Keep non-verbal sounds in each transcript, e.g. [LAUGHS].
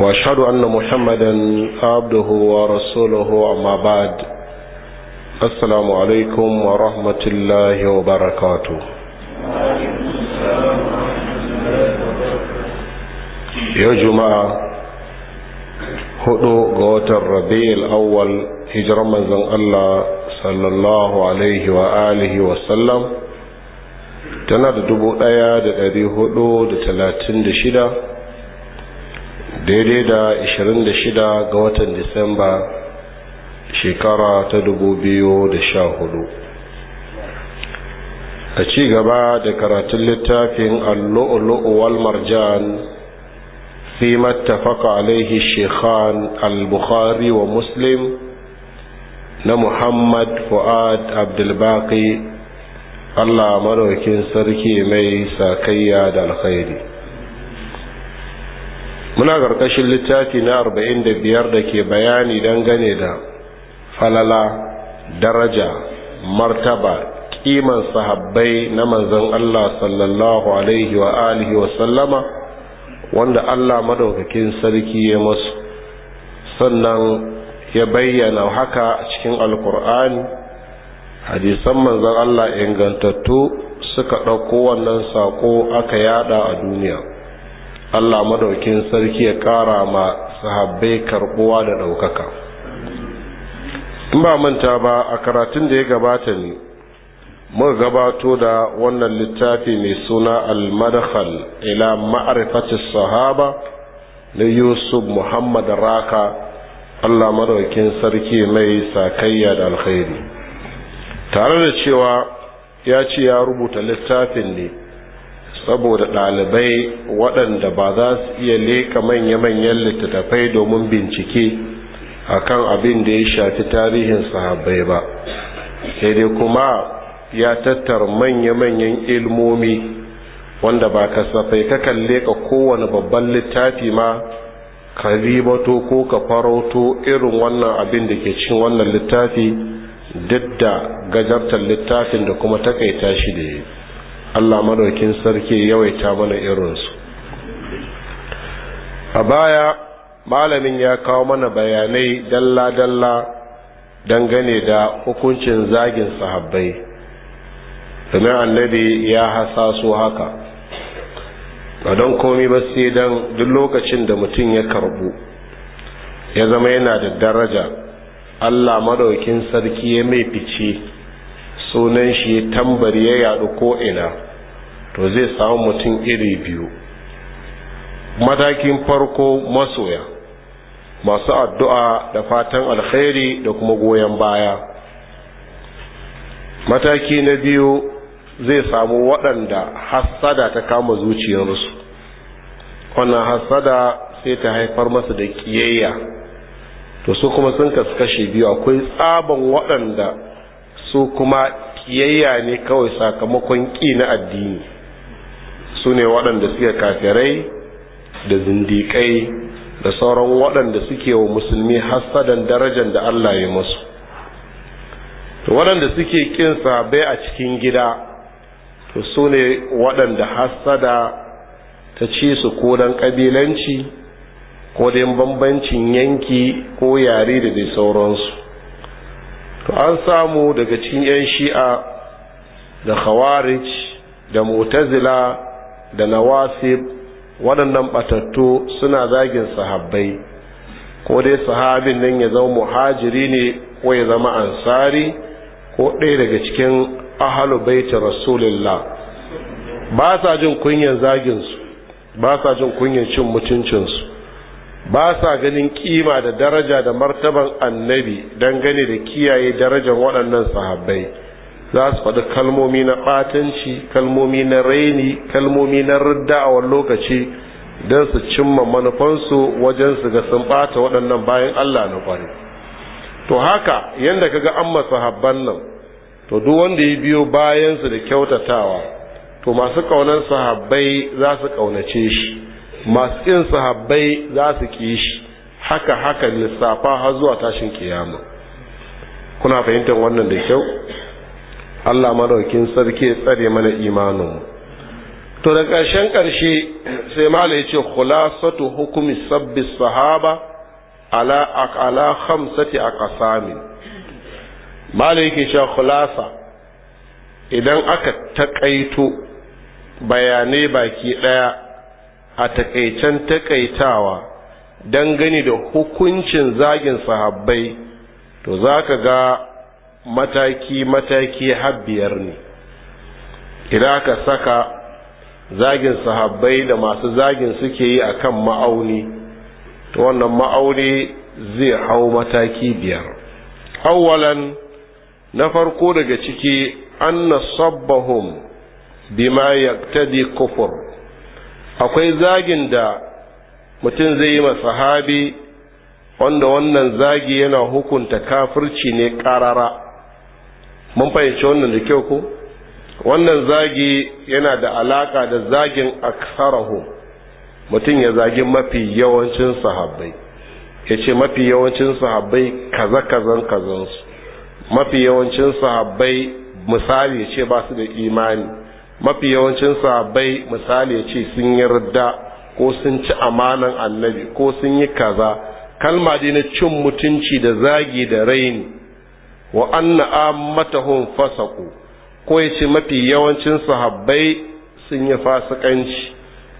واشهد ان محمدا عبده ورسوله اما بعد السلام عليكم ورحمه الله وبركاته يا جماعه hudu ga watan rabi'ul awwal hijirar manzon Allah sallallahu alaihi wa alihi wa sallam tana da dubu ɗaya da dari hudu da talatin da shida daidai da 26 ga watan disamba shekara ta 2014 a ci gaba da karatun littafin allu'ulu'u wal marjan fi mattafaka alaihi shekhan al-bukhari wa muslim na muhammad fu'ad abdulbaki allah maraukin sarki mai sakayya da alkhairi muna ƙarƙashin littafi na arba'in da biyar da ke bayani dangane da falala daraja martaba ƙiman sahabbai na manzon Allah sallallahu alaihi wa alihi wa sallama wanda Allah madaukakin sarki ya masu sannan ya bayyana haka cikin alkur'ani hadisan manzon Allah ingantattu suka ɗauko wannan saƙo aka yada a duniya Allah madaukin sarki ya ƙara ma sahabbai karɓuwa da ɗaukaka in ba manta ba a karatun da ya gabata ne muka gabato da wannan littafi mai suna al-madakhal ila ma'rifati sahaba na yusuf muhammad raka Allah madaukin sarki mai sakayya da alkhairi tare da cewa ya ce ya rubuta littafin ne saboda ɗalibai waɗanda ba za su iya leka manya-manyan littattafai domin bincike a kan abin da ya shafi tarihin sahabbai ba sai dai kuma ya tattara manya-manyan ilmomi wanda ba kasafai ka kalle ka kowane babban littafi ma ka ribato ko ka farauto irin wannan abin da ke cin wannan littafi duk da gajartar littafin da kuma takaita shi da yi Allah madaukin sarki yawaita mana irinsu a baya malamin ya kawo mana bayanai dalla-dalla dangane da hukuncin zagin sahabbai domin annabi ya hasaso haka ba don komi ba sai don duk lokacin da mutum ya karbu ya zama yana da daraja Allah madaukin sarki ya mai fice sunan shi tambari ya yadu ko ina to zai samu mutum iri biyu matakin farko masoya masu addu'a da fatan alkhairi da kuma goyon baya mataki na biyu zai samu waɗanda hassada ta kama zuciyarsu wannan hassada sai ta haifar masa da ƙiyayya to su kuma sun kaskashe biyu akwai tsaban waɗanda su kuma kiyayya ne kawai sakamakon ƙi na addini su ne waɗanda suke kafirai da zindiƙai da sauran waɗanda suke wa musulmi hassadan darajar da Allah ya musu to waɗanda suke ƙin sabai a cikin gida to su ne waɗanda hassada ta ci su ko dan ƙabilanci ko bambancin yanki ko yare da dai sauransu to an samu daga cikin 'yan shi'a da khawarij da mutazila da nawasib waɗannan batattu suna zagin sahabbai ko dai sahabin nan ya zama muhajiri ne ko ya zama ansari ko ɗaya daga cikin ahalu baiti rasulillah ba sa jin kunyan zaginsu ba sa jin kunyan cin mutuncinsu ba sa ganin kima da daraja da martaban annabi dangane da kiyaye darajar waɗannan sahabbai za su faɗi kalmomi na ɓatanci kalmomi na raini kalmomi na ridda a wani lokaci don su cimma manufansu wajen su ga sun ɓata waɗannan bayan allah na ƙwari to haka yadda ka ga amma sahabban nan to duk wanda ya biyo bayansu da kyautatawa to masu ƙaunar sahabbai za su ƙaunace shi masu yin sahabbai za su ki shi haka haka lissafa har zuwa tashin kiyama kuna fahimtar wannan da kyau Allah madaukin sarki ya tsare mana imanin to da ƙarshen karshe sai mala ya ce khulasatu hukumi sabbi sahaba ala a khamsati aqsamin mala yake cewa khulasa idan aka taƙaito bayanai baki ɗaya a takaicen takaitawa gani da hukuncin zagin sahabbai to za ka ga mataki-mataki habbiyar ne idan ka saka zagin sahabbai da masu zagin suke yi a kan ma'auni to wannan ma'auni zai hau mataki biyar awwalan na farko daga ciki an na bima yaqtadi kufur akwai zagin da mutum zai yi sahabi wanda wannan zagi yana hukunta kafirci ne karara mun fahimci wannan da kyau ko wannan zagi yana da alaka da zagin aksarahu mutum ya zagi mafi yawancin sahabbai ya ce mafi yawancin sahabbai kaza kazan kazansu mafi yawancin sahabbai misali ya ce ba su da imani mafi yawancin sahabbai misali ya ce sun yi yarda ko sun ci amanan annabi ko sun yi kaza kalma dai na cin mutunci da zagi da raini wa anna ammatahum fasaku ko ya ce mafi yawancin sahabbai sun yi fasikanci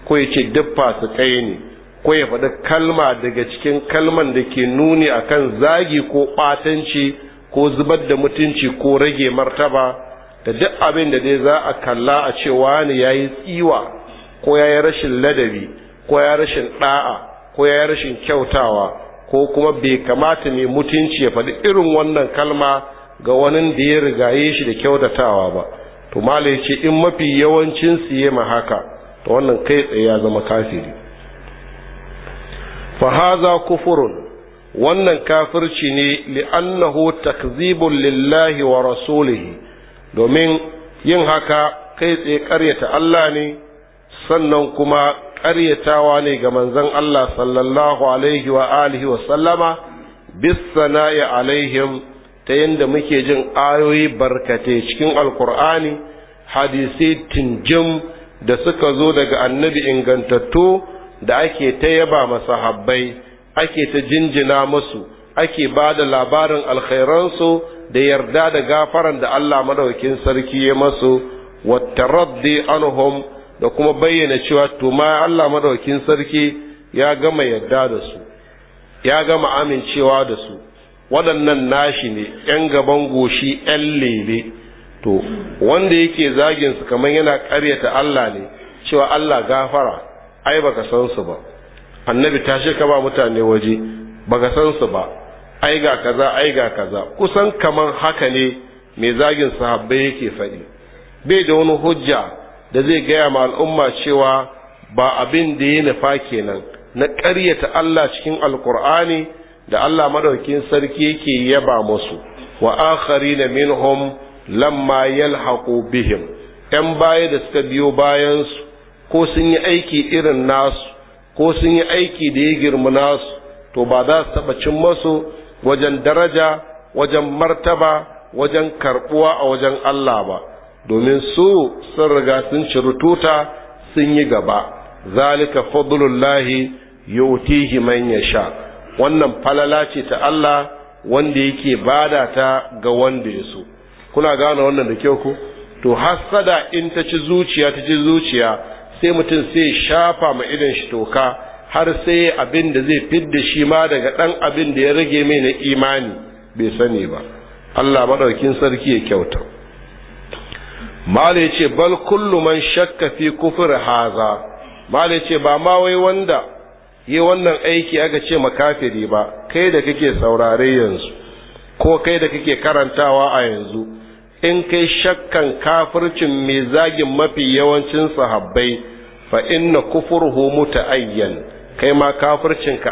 ko ya ce duk fasikai ne ko ya faɗi kalma daga cikin kalman da ke nuni akan zagi ko ɓatanci ko zubar da mutunci ko rage martaba da duk abin da dai za a kalla a ce wani ya yi tsiwa ko ya yi rashin ladabi ko ya rashin ɗa'a ko ya yi rashin kyautawa ko kuma bai kamata mai mutunci ya faɗi irin wannan kalma ga wani da ya rigaye shi da kyautatawa ba to malai ce in mafi yawancin su yi ma haka to wannan kai tsaye ya zama kafiri fahaza kufurun wannan kafirci ne li'annahu takzibun lillahi wa rasulihi domin yin haka kai tsaye ƙaryata Allah ne sannan kuma ƙaryatawa ne ga manzon Allah sallallahu alaihi wa alihi wa sallama bisana'i alaihim ta yadda muke jin ayoyi barkate cikin alkur'ani hadisai tinjim da suka zo daga annabi ingantattu da ake ta yaba habbai ake ta jinjina masu. ake ba da labarin alkhairansu da yarda da gafaran da Allah madaukin sarki ya masu wattaraddi anhum da kuma bayyana cewa to ma Allah madaukin sarki ya gama yarda da su ya gama amincewa da su waɗannan nashi ne ‘yan gaban goshi ƴan lele to wanda yake zagin su kamar yana ƙaryata Allah ne cewa Allah gafara ai baka san su ba annabi tashi ka ba mutane waje baka san su ba ai ga kaza ai ga kaza kusan kaman haka ne mai zagin sahabbai yake faɗi bai da wani hujja da zai gaya ma al'umma cewa ba abin da ya nufa kenan na ƙaryata Allah cikin alkur'ani da Allah madaukin sarki yake yaba musu wa akharina minhum lamma yalhaqu bihim ‘yan baya da suka biyo bayansu ko sun yi aiki irin nasu ko sun yi aiki da ya girma nasu to ba za su taɓa cin masu wajen daraja wajen martaba wajen karbuwa a wajen Allah ba domin su sun riga sun shirututa sun yi gaba zalika fadlullahi yutihi man yasha wannan falala ce ta Allah wanda yake bada ta ga wanda ya so kuna gane wannan da kyau ku to hassada in ta ci zuciya ta ci zuciya sai mutum sai shafa ma idan shi toka har sai abin da zai fidda shi ma daga ɗan abin da ya rage mai na imani bai sani ba Allah maɗaukin sarki ya kyauta malai ce bal kullu man shakka fi kufur haza malai ce ba ma wai wanda yi wannan aiki aka ce makafiri ba kai da kake saurare yanzu ko kai da kake karantawa a yanzu in kai shakkan kafircin mai zagin mafi yawancin sahabbai fa inna kufurhu muta'ayyan kai ma ka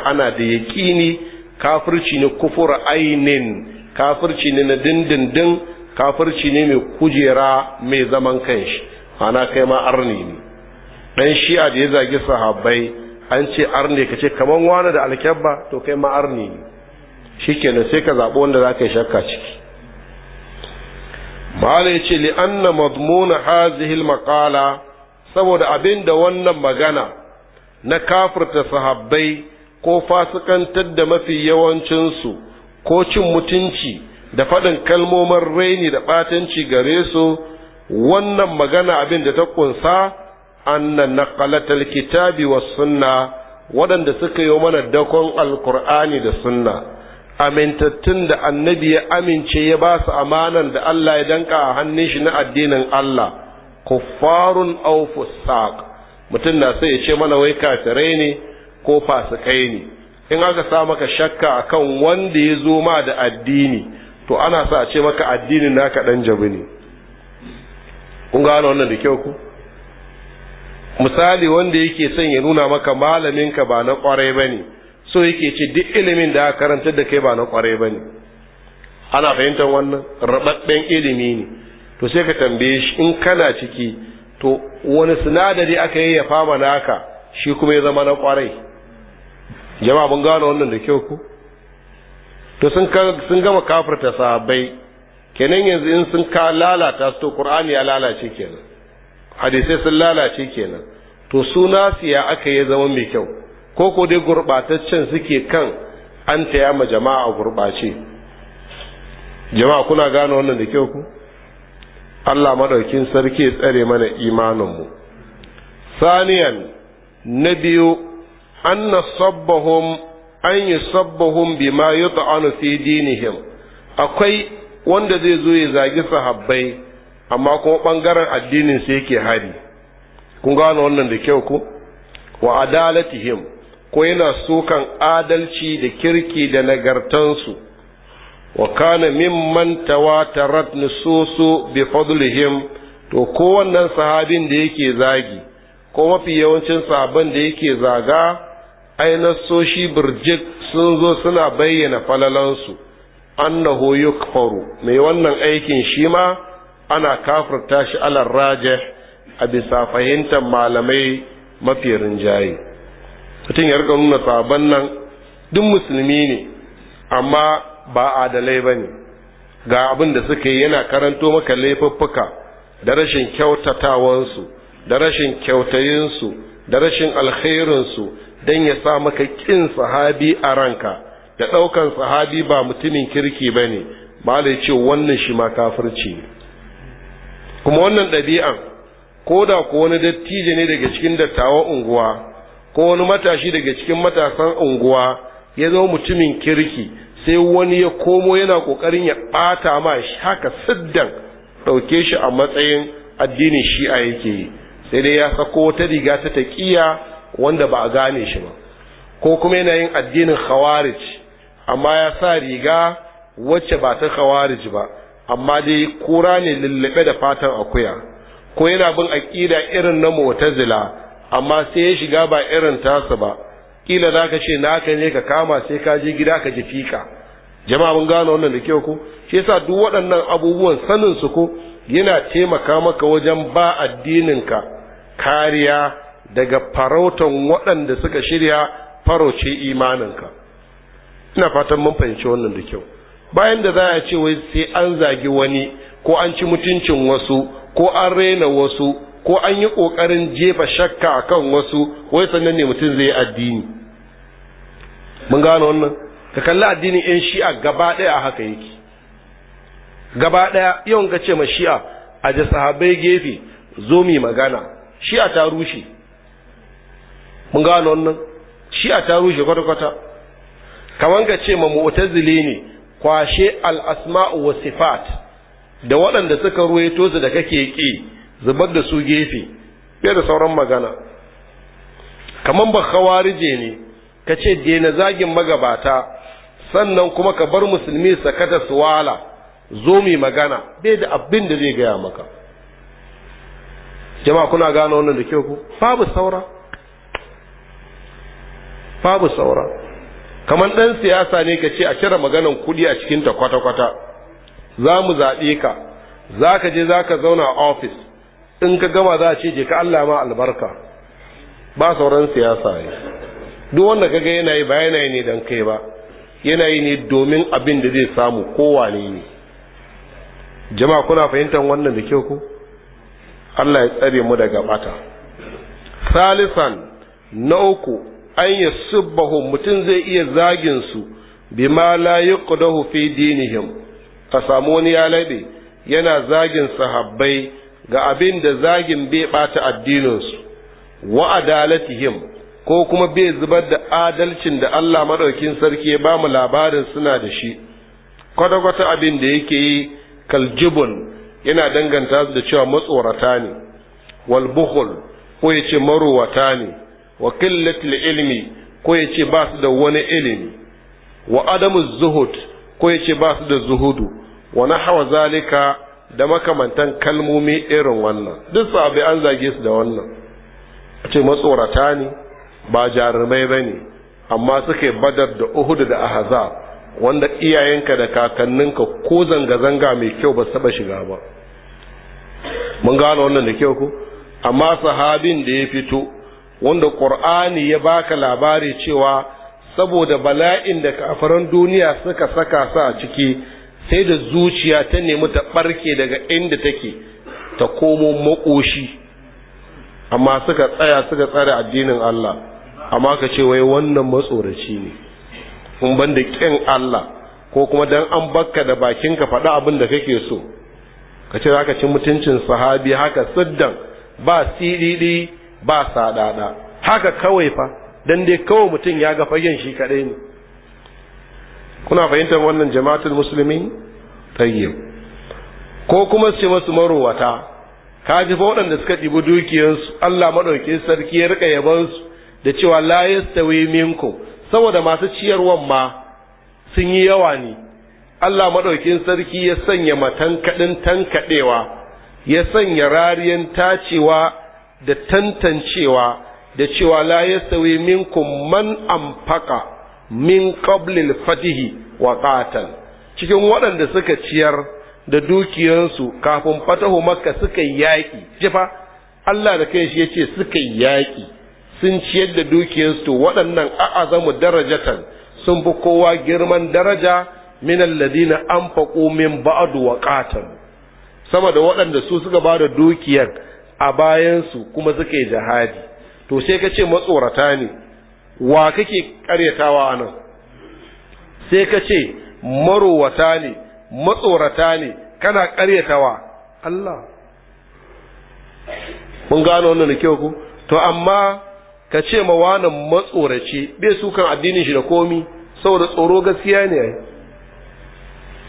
ana da yaƙini kafirci ne kufur ainin kafirci ne na dindindin kafirci ne mai kujera mai zaman kanshi ana kai ma arni ne dan shi'a da ya zagi sahabbai an ce arne ka ce kaman wani da alkyabba to kai ma arni ne da sai ka zaɓi wanda za ka yi shakka ciki mala ya ce li'anna mazmuna hazihil maƙala saboda abin da wannan magana na kafirta sahabbai ko fasikantar da mafi yawancinsu ko cin mutunci da faɗin kalmomin raini da ɓatanci gare su wannan magana abin da ta kunsa annan naqalatal kitabi wa sunna waɗanda suka yi mana dakon alkur'ani da sunna amintattun da annabi ya amince ya ba su amanan da Allah ya danka a hannun shi na addinin Allah kuffarun au fusaq mutum na sai ya ce mana wai kafirai ne ko fasikai ne in aka sa maka shakka akan wanda ya zo ma da addini to ana sa a ce maka addinin naka dan jabi ne kun gane wannan da kyau ku misali wanda yake son ya nuna maka malaminka ba na kwarai bane so yake ce duk ilimin da aka karanta da kai ba na kwarai bane ana fahimtar wannan rababben ilimi ne to sai ka tambaye shi in kana ciki to wani sinadari aka yi ya fama naka shi kuma ya zama na kwarai jama'a mun gano wannan da kyau ku to sun gama kafirta sahabbai kenan yanzu in sun ka lalata su to qur'ani ya lalace kenan hadisai sun lalace kenan to suna siya aka yi zama mai kyau ko ko dai gurbataccen suke kan an taya ma jama'a gurbace jama'a kuna gano wannan da kyau ku Allah madaukin sarki ya tsare mana imaninmu saniyan na biyu anna sabbahum an yi bima yut'anu fi dinihim akwai wanda zai zo ya zagi sahabbai amma kuma bangaren addinin sa yake hari kun gano wannan da kyau ko wa adalatihim ko yana sukan adalci da kirki da nagartansu وكان ممن تواترت نصوص بفضلهم bi to ko wannan sahabin da yake zagi ko mafi yawancin sahabban da yake zaga ai nasoshi birjik sun zo suna bayyana falalansu annahu yukfaru mai wannan aikin shi ma ana kafirta shi alal rajih a bisa fahimtar malamai mafi rinjaye mutum ya rika nuna sahabban nan duk musulmi ne amma ba adalai ba ne ga abin da suka yi yana karanto maka laifuffuka da rashin kyautatawansu da rashin kyautayinsu da rashin alkhairinsu don ya sa maka ƙin sahabi a ranka da ɗaukan sahabi ba mutumin kirki ba ne malai ce wannan shi ma kafirci kuma wannan ɗabi'an ko da ko wani dattijo ne daga cikin dattawan unguwa ko wani matashi daga cikin matasan unguwa ya zo mutumin kirki sai wani ya komo yana kokarin ya bata ma haka siddan dauke shi a matsayin addinin shi'a yake yi sai dai ya sako wata riga ta taqiya wanda ba a gane shi ba ko kuma yana yin addinin khawarij amma ya sa riga wacce ba ta khawarij ba amma dai kura ne lullube da fatan akuya ko yana bin aqida irin na mu'tazila amma sai ya shiga ba irin tasa ba kila za ka ce na naka ne ka kama sai ka je gida ka ji fika jama'a mun gano wannan da kyau ko shi yasa duk waɗannan abubuwan sanin su ko yana taimaka maka wajen ba addinin ka kariya daga farautan waɗanda suka shirya farauce imaninka ina fatan mun fahimci wannan da kyau bayan da za a ce wai sai an zagi wani ko an ci mutuncin wasu ko an raina wasu ko an yi ƙoƙarin jefa shakka akan wasu wai sannan ne mutum zai yi addini mun gano wannan ka kalli addinin yan shi'a gaba ɗaya a haka yake gaba ɗaya yawan ka ce ma shi'a a da sahabai gefe zo mu magana shi'a ta rushe mun gano wannan shi'a ta rushe kwata-kwata kaman ka ce ma mu'tazili ne kwashe al-asma'u wa sifat da waɗanda suka ruwaito su da kake ki zubar da su gefe fiye da sauran magana kaman ba khawarije ne ka ce daina zagin magabata sannan kuma ka bar musulmi sakata su zo mai magana bai da abin da zai gaya maka jama'a kuna gano wannan da kyau ku babu saura babu saura kamar dan siyasa ne ka ce a kira maganan kudi a cikin ta kwata-kwata za mu zaɓe ka za ka je za ka zauna a ofis in ka gama za a ce je ka Allah ma albarka ba sauran siyasa ne duk wanda kaga yana yi ba yana yi ne don kai ba yana yi ne domin abin da zai samu kowane ne jama'a kuna fahimtar wannan da kyau ku Allah ya tsare mu daga bata salisan na uku an ya subbahu mutum zai iya zagin su ma la yuqdahu fi dinihim ka samu wani ya labe yana zagin sahabbai ga abin da zagin bai bata addinin su wa adalatihim ko kuma bai zubar da adalcin da Allah maɗaukin sarki ya ba mu labarin suna da shi kwata-kwata abin da yake yi kaljibun yana danganta su da cewa matsorata ne wal bukhul ko ya ce maruwata ne wa qillatul ilmi ko ya ce ba su da wani ilimi wa adamu zuhud ko ya ce ba su da zuhudu wa nahwa zalika da makamantan kalmomi irin wannan duk sabai an zage su da wannan a ce matsorata ne ba jarumai bane, ne amma suke badar da Uhudu da ahza wanda iyayenka da kakanninka ko zanga-zanga mai kyau ba saba shiga ba mun gano wannan da kyau ku amma sahabin da ya fito wanda ƙur'ani ya baka labari cewa saboda bala'in da kafaran duniya suka saka sa a ciki sai da zuciya ta nemi ta ɓarke daga inda take ta komo makoshi amma suka tsaya suka tsare addinin Allah amma ka ce wai wannan matsoraci ne kun ban da ƙin Allah ko kuma dan an bakka da bakinka faɗi abin da kake so ka ce za ka ci mutuncin sahabi haka siddan ba sididi ba sadada haka kawai fa dan dai kawai mutum ya ga fagen shi kadai ne kuna fahimtar wannan jama'atul musulmi tayyib ko kuma su ce masu marowata ka ji fa waɗanda suka ɗibi dukiyarsu Allah maɗauki sarki ya rika yabansu da cewa la yastawi minkum saboda masu ciyarwan ma sun yi yawa ne Allah madaukin sarki ya sanya matankadin tankadewa ya sanya rariyan tacewa da tantancewa da cewa la yastawi minkum man amfaka min qablil fatihi wa qatal cikin waɗanda suka ciyar da dukiyansu kafin fatahu makka suka yaƙi jifa Allah da kai shi yace suka yaƙi sun ciyar da dukiyarsu to waɗannan a'azamu darajatan sun fi kowa girman daraja min alladina anfaqu min ba'd wa qatan sama da waɗanda su suka bada dukiyar a bayan kuma suka yi jihadi to sai ka ce matsorata ne wa kake karyatawa anan sai ka ce marowata ne matsorata ne kana karyatawa Allah mun gano wannan kyau ku to amma ka ce ma wani matsoraci bai sukan addinin shi da komi saboda tsoro gaskiya ne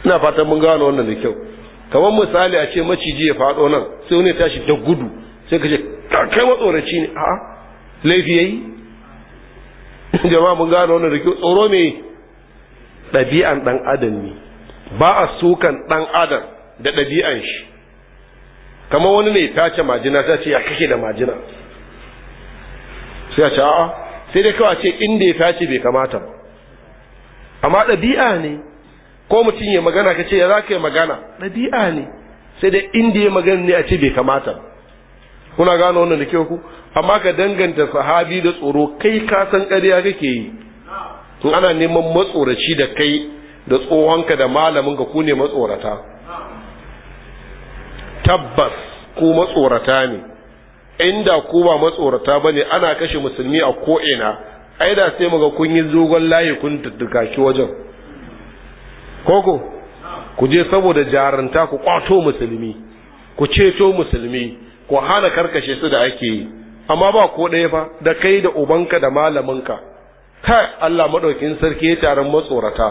ina fatan mun gano wannan da kyau kamar misali a ce maciji ya faɗo nan sai wani tashi da gudu sai ka ce kai matsoraci ne a'a laifi yayi [LAUGHS] jama'a mun gano wannan da kyau tsoro me ɗabi'an ɗan adam ne ba a sukan ɗan adam da ɗabi'an shi kamar wani ne tace majina ta ce ya kake da majina sai a ce a'a sai dai kawai ce inda ya tashi bai kamata ba amma ɗabi'a ne ko mutum ya magana ka ce ya za ka yi magana ɗabi'a ne sai dai inda ya magana ne a ce bai kamata ba kuna gano wannan da kyau ku amma ka danganta sahabi da tsoro kai ka san ƙarya kake yi in ana neman matsoraci da kai da tsohonka da malamin ka kune matsorata tabbas ko matsorata ne inda ko ba matsorata bane ana kashe musulmi a ko ina ai da sai muga kun yi zogon layi kun tuttuka shi wajen koko ku je saboda jaranta ku kwato musulmi ku ceto musulmi ku hana karkashe su da ake yi amma ba ko ɗaya ba da kai da ubanka da malaminka ka Allah madaukin sarki ya taron matsorata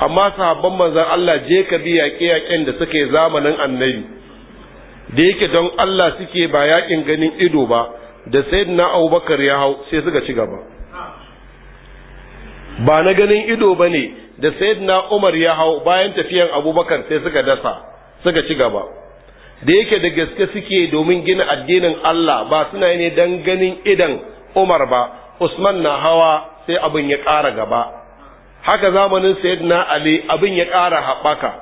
amma sahabban manzon Allah je ka bi yaƙe-yaƙen da suke zamanin annabi da yake don Allah suke ba yakin ganin ido ba da sayyidina Abubakar ya hau sai suka ci gaba ba na ganin ido ba ne da sayyidina Umar ya hau bayan tafiyan Abubakar sai suka dasa suka ci gaba da yake da gaske suke domin gina addinin Allah ba suna ne dan ganin idan Umar ba Usman na hawa sai abin ya ƙara gaba haka zamanin sayyidina Ali abin ya ƙara haɓaka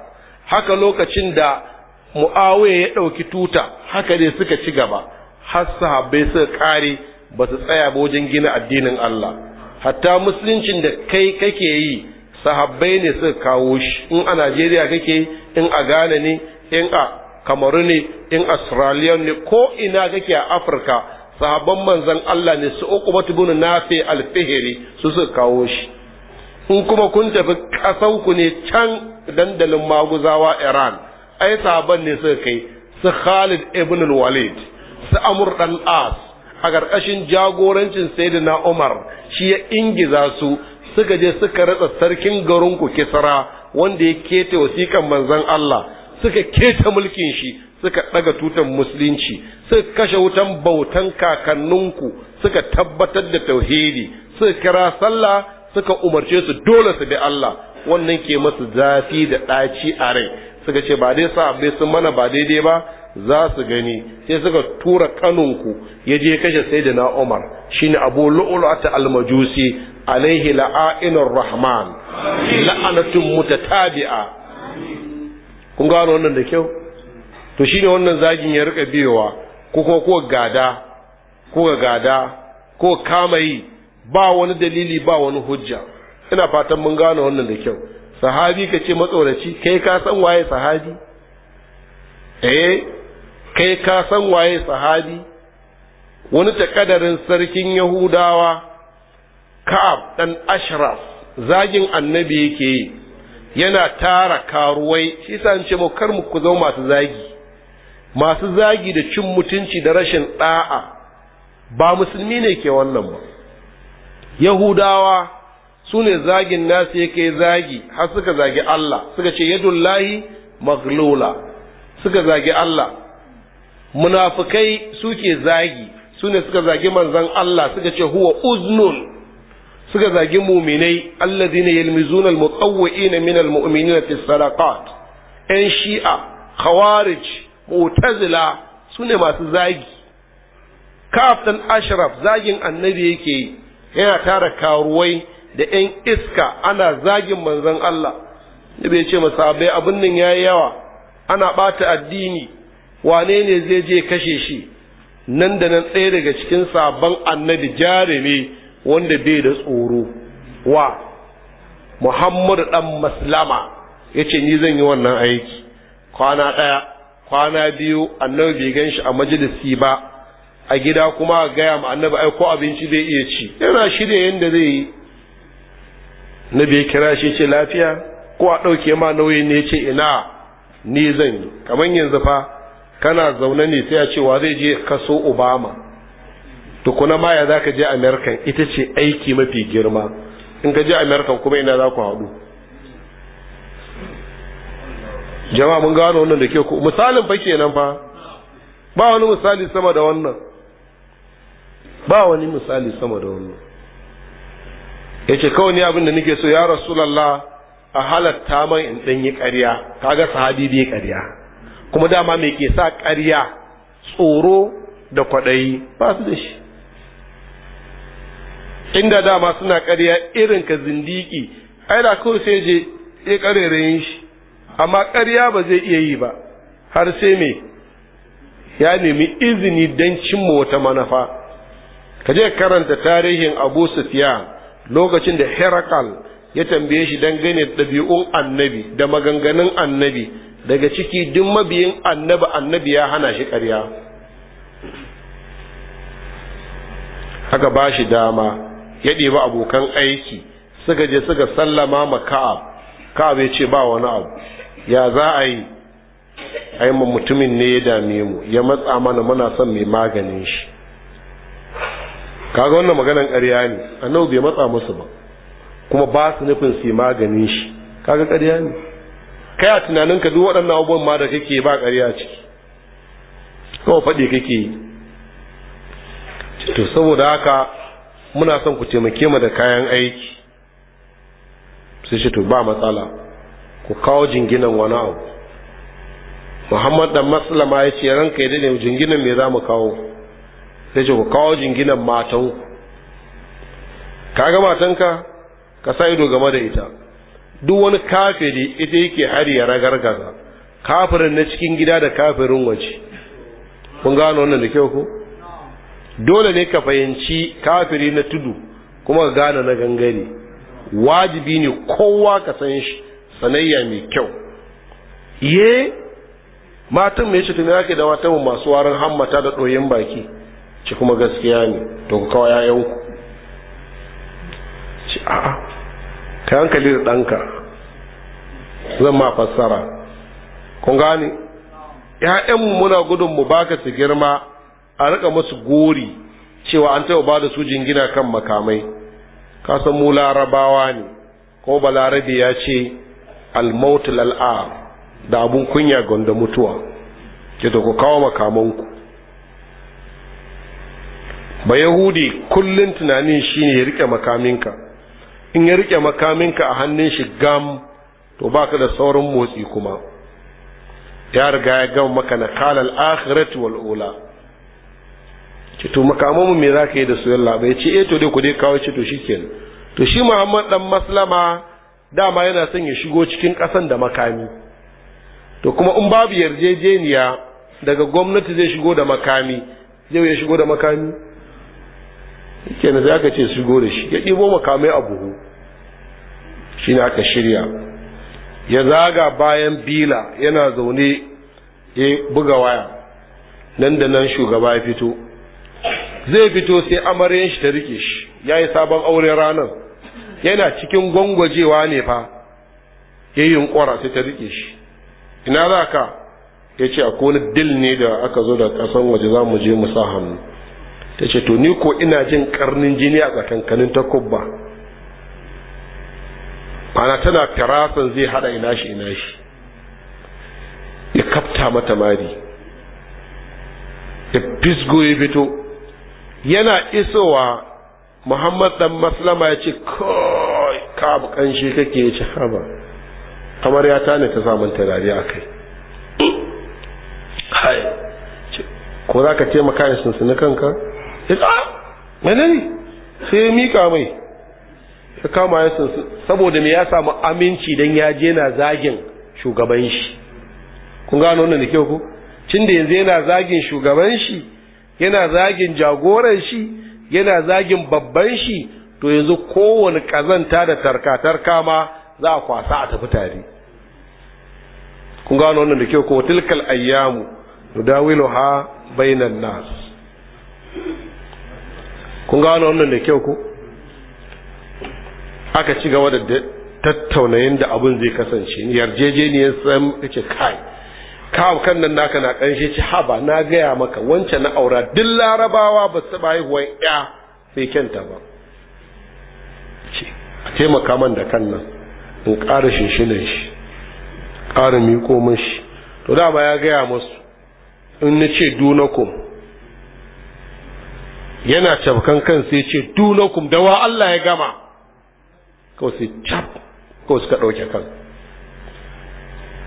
haka lokacin da mu'awiya ya ɗauki tuta haka ne suka ci gaba har sahabbai suka kare ba su tsaya ba wajen gina addinin Allah hatta musuluncin da kai kake yi sahabbai ne suka kawo shi in a Najeriya kake in a Ghana ne in a Kamaru ne in Australia ne ko ina kake a Afirka sahabban manzon Allah ne su uku batu bin nafi alfihiri su suka kawo shi in kuma kun tafi kasanku ne can dandalin maguzawa Iran ai sahabban ne suka kai su Khalid ibn al-Walid su Amr dan As a ƙarƙashin jagorancin Sayyidina Umar shi ya ingiza su suka je suka ratsa sarkin garin ku Kisra wanda ya keta wasiƙan manzon Allah suka keta mulkin shi suka daga tutan musulunci suka kashe wutan bautan kakanninku suka tabbatar da tauhidi suka kira sallah suka umarce su dole su bi Allah wannan ke masu zafi da ɗaci a rai suka ce ba dai sa abai sun mana ba daidai ba za su gani sai suka tura kanunku ya je kashe na Umar shine Abu Lu'lu'ata al-Majusi alaihi la'inur rahman la'anatun tabi'a. kun gano wannan da kyau to shine wannan zagin ya rika biyowa ko kuma ko gada ko ga gada ko kama yi ba wani dalili ba wani hujja ina fatan mun gano wannan da kyau sahabi ka ce matsoraci kai ka san waye sahabi eh kai ka san waye sahabi wani takadarin sarkin yahudawa ka'ab dan ashraf zagin annabi yake yi yana tara karuwai shi sa ce mu kar mu ku zo masu zagi masu zagi da cin mutunci da rashin ɗa'a. ba musulmi ne ke wannan ba yahudawa su ne zagin nasu yake zagi har suka zagi Allah suka ce yadullahi maglula suka zagi Allah munafikai suke zagi su ne suka zagi manzan Allah suka ce huwa uznun suka zagi muminai alladhina yalmizuna almutawwi'ina min almu'minina fi sadaqat yan shi'a khawarij mu'tazila su ne masu zagi kaftan ashraf zagin annabi yake yana tara karuwai da yan iska ana zagin manzon Allah da ya ce masahabai abin nan yayi yawa ana bata addini wane ne zai je kashe shi nan da nan ɗaya daga cikin sabon annabi jarumi wanda bai da tsoro wa muhammadu ɗan maslama ya ce ni zan yi wannan aiki kwana ɗaya kwana biyu annabi bai gan shi a majalisi ba a gida kuma a gaya ma annabi ai ko abinci bai iya ci yana shirya yadda zai yi nabi ya kira shi ce lafiya ko a ɗauke ma nauyi ne ce ina ni zan yi kamar yanzu fa kana zaune ne sai a ce wa zai je kaso obama To kuna ma ya za ka je america ita ce aiki mafi girma in ka je america kuma ina za ku haɗu jama'a mun gano wannan da ke ku misalin fa kenan fa ba wani misali sama da wannan ba wani misali sama da wannan yace kawai ne abin da nake so ya rasulullah a halatta man in danyi ƙarya kaga sahabi bai ƙarya kuma dama me ke sa ƙarya tsoro da kwaɗayi ba su da shi inda dama suna ƙarya irin ka zindiki ai da kawai sai je ya ƙarerayin shi amma ƙarya ba zai iya yi ba har sai me ya nemi izini don cimma wata manufa ka je karanta tarihin abu sufyan lokacin da herakal ya tambaye shi don gane ɗabi'un annabi da maganganun annabi daga ciki duk mabiyin annabi annabi ya hana shi ƙarya aka ba shi dama ya ɗiba abokan aiki suka je suka sallama ma ka'ab ka'ab ya ce ba wani abu ya za a yi ai mutumin ne ya dame mu ya matsa mana muna son mai maganin shi kaga wannan maganan ƙarya ne annabi bai matsa musu ba kuma ba su nufin su maganin shi kaga ƙarya ne kai a tunanin ka duk waɗannan abubuwan ma da kake ba ƙarya ciki kawai faɗi kake yi to saboda haka muna son ku taimake mu da kayan aiki sai shi to ba matsala ku kawo jinginan wani abu muhammad dan maslama ya ce ranka ya ne jinginan me za mu kawo sai ce ku kawo jinginan matan kaga matanka ka sa ido game da ita duk wani kafiri ita yake hari ya ragargaza kafirin na cikin gida da kafirin waje kun gano wannan da kyau ko dole ne ka fahimci kafiri na tudu kuma ka gane na gangare wajibi ne kowa ka san shi sanayya mai kyau ye matan mai shi tuni da matan masu warin hammata da ɗoyin baki ci kuma gaskiya ne to ku kawo yayanku ci a'a ka hankali da ɗanka zan ma fassara kun gane mu muna gudun mu baka su girma a rika musu gori cewa an taɓa ba da su jingina kan makamai ka san mu larabawa ne ko balarabe ya ce almautul al'ar da abun kunya gonda mutuwa ke ku kawo makamanku ba yahudi kullun tunanin shine ya rike makaminka in ya rike makaminka a hannun shi gam to baka da saurin motsi kuma ya riga ya gama maka na kalal akhirati wal ula ce to mu me zaka yi da su yalla bai ce eh to dai ku dai kawo ce to shikenan to shi muhammad dan maslama dama yana son ya shigo cikin kasan da makami to kuma in babu yarjejeniya daga gwamnati zai shigo da makami zai ya shigo da makami kenan sai aka ce shigo da shi ya ɗibo makamai a buhu shi ne aka shirya ya zaga bayan bila yana zaune ya buga waya nan da nan shugaba ya fito zai fito sai amaryan shi ta rike shi ya yi sabon aure ranar yana cikin gwangwajewa ne fa ya yi yunkura sai ta rike shi ina za ka ya ce a kone dil ne da aka zo da kasan waje za mu je mu sa hannu ta ce to ni ko ina jin karnin jini a tsakankanin kubba. ana tana tarasan zai hada ina shi ina shi ya kafta mata mari ya fisgo ya fito yana isowa muhammad dan maslama ya ce kai ka kanshi kake ya ci haba kamar ya tane ta samun tarari a kai ko za ka taimaka ya sunsuni kanka ya ah, mene ne sai ya mika mai ya kama ya saboda me ya samu aminci dan ya je na zagin shugaban shi kun gano wannan da kyau ko cin da yanzu yana zagin shugaban shi yana zagin jagoran shi yana zagin babban shi to yanzu kowane kazanta da tarka-tarka ma za a kwasa a tafi tare kun gano wannan da kyau ko tilkal ayyamu ha bainan nas kun wani wannan da kyau ko aka ci gaba da tattauna yadda abin zai kasance yarjejeniyar sam ce kai kawo kan nan naka na ƙanshe ci haba na gaya maka wancan na aura duk larabawa ba su huwan ya sai kyanta ba a taimaka man da kan nan in ƙara shinshinan shi ƙara miƙo mashi to da dama ya gaya masu in na ce dunakum yana cafkan kan sai ce dunakum da wa Allah ya gama kawai sai cap kawai suka ɗauke kan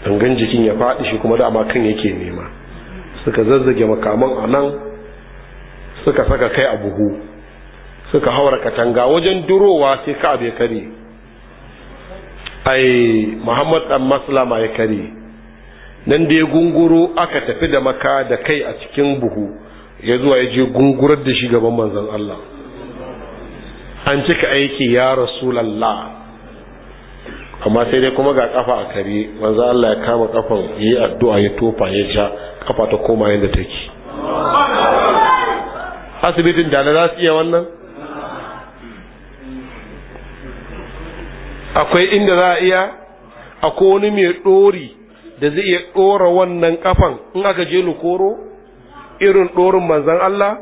dangan jikin ya faɗi shi kuma dama kan yake nema suka zazzage makaman a nan suka saka kai a buhu suka haura katanga wajen durowa sai ka ya kare ai muhammad dan maslama ya kare nan da ya gunguro aka tafi da maka da kai a cikin buhu ya zuwa ya je gungurar da shi gaban manzan Allah an cika aiki ya rasulallah amma sai dai kuma ga kafa a kare manzan Allah ya kama kafan ya yi addu'a ya tofa ya ja kafa ta koma yadda take asibitin da za su iya wannan akwai inda za a iya akwai wani mai ɗori da zai iya ɗora wannan kafan in aka je lukoro irin ɗorin manzan Allah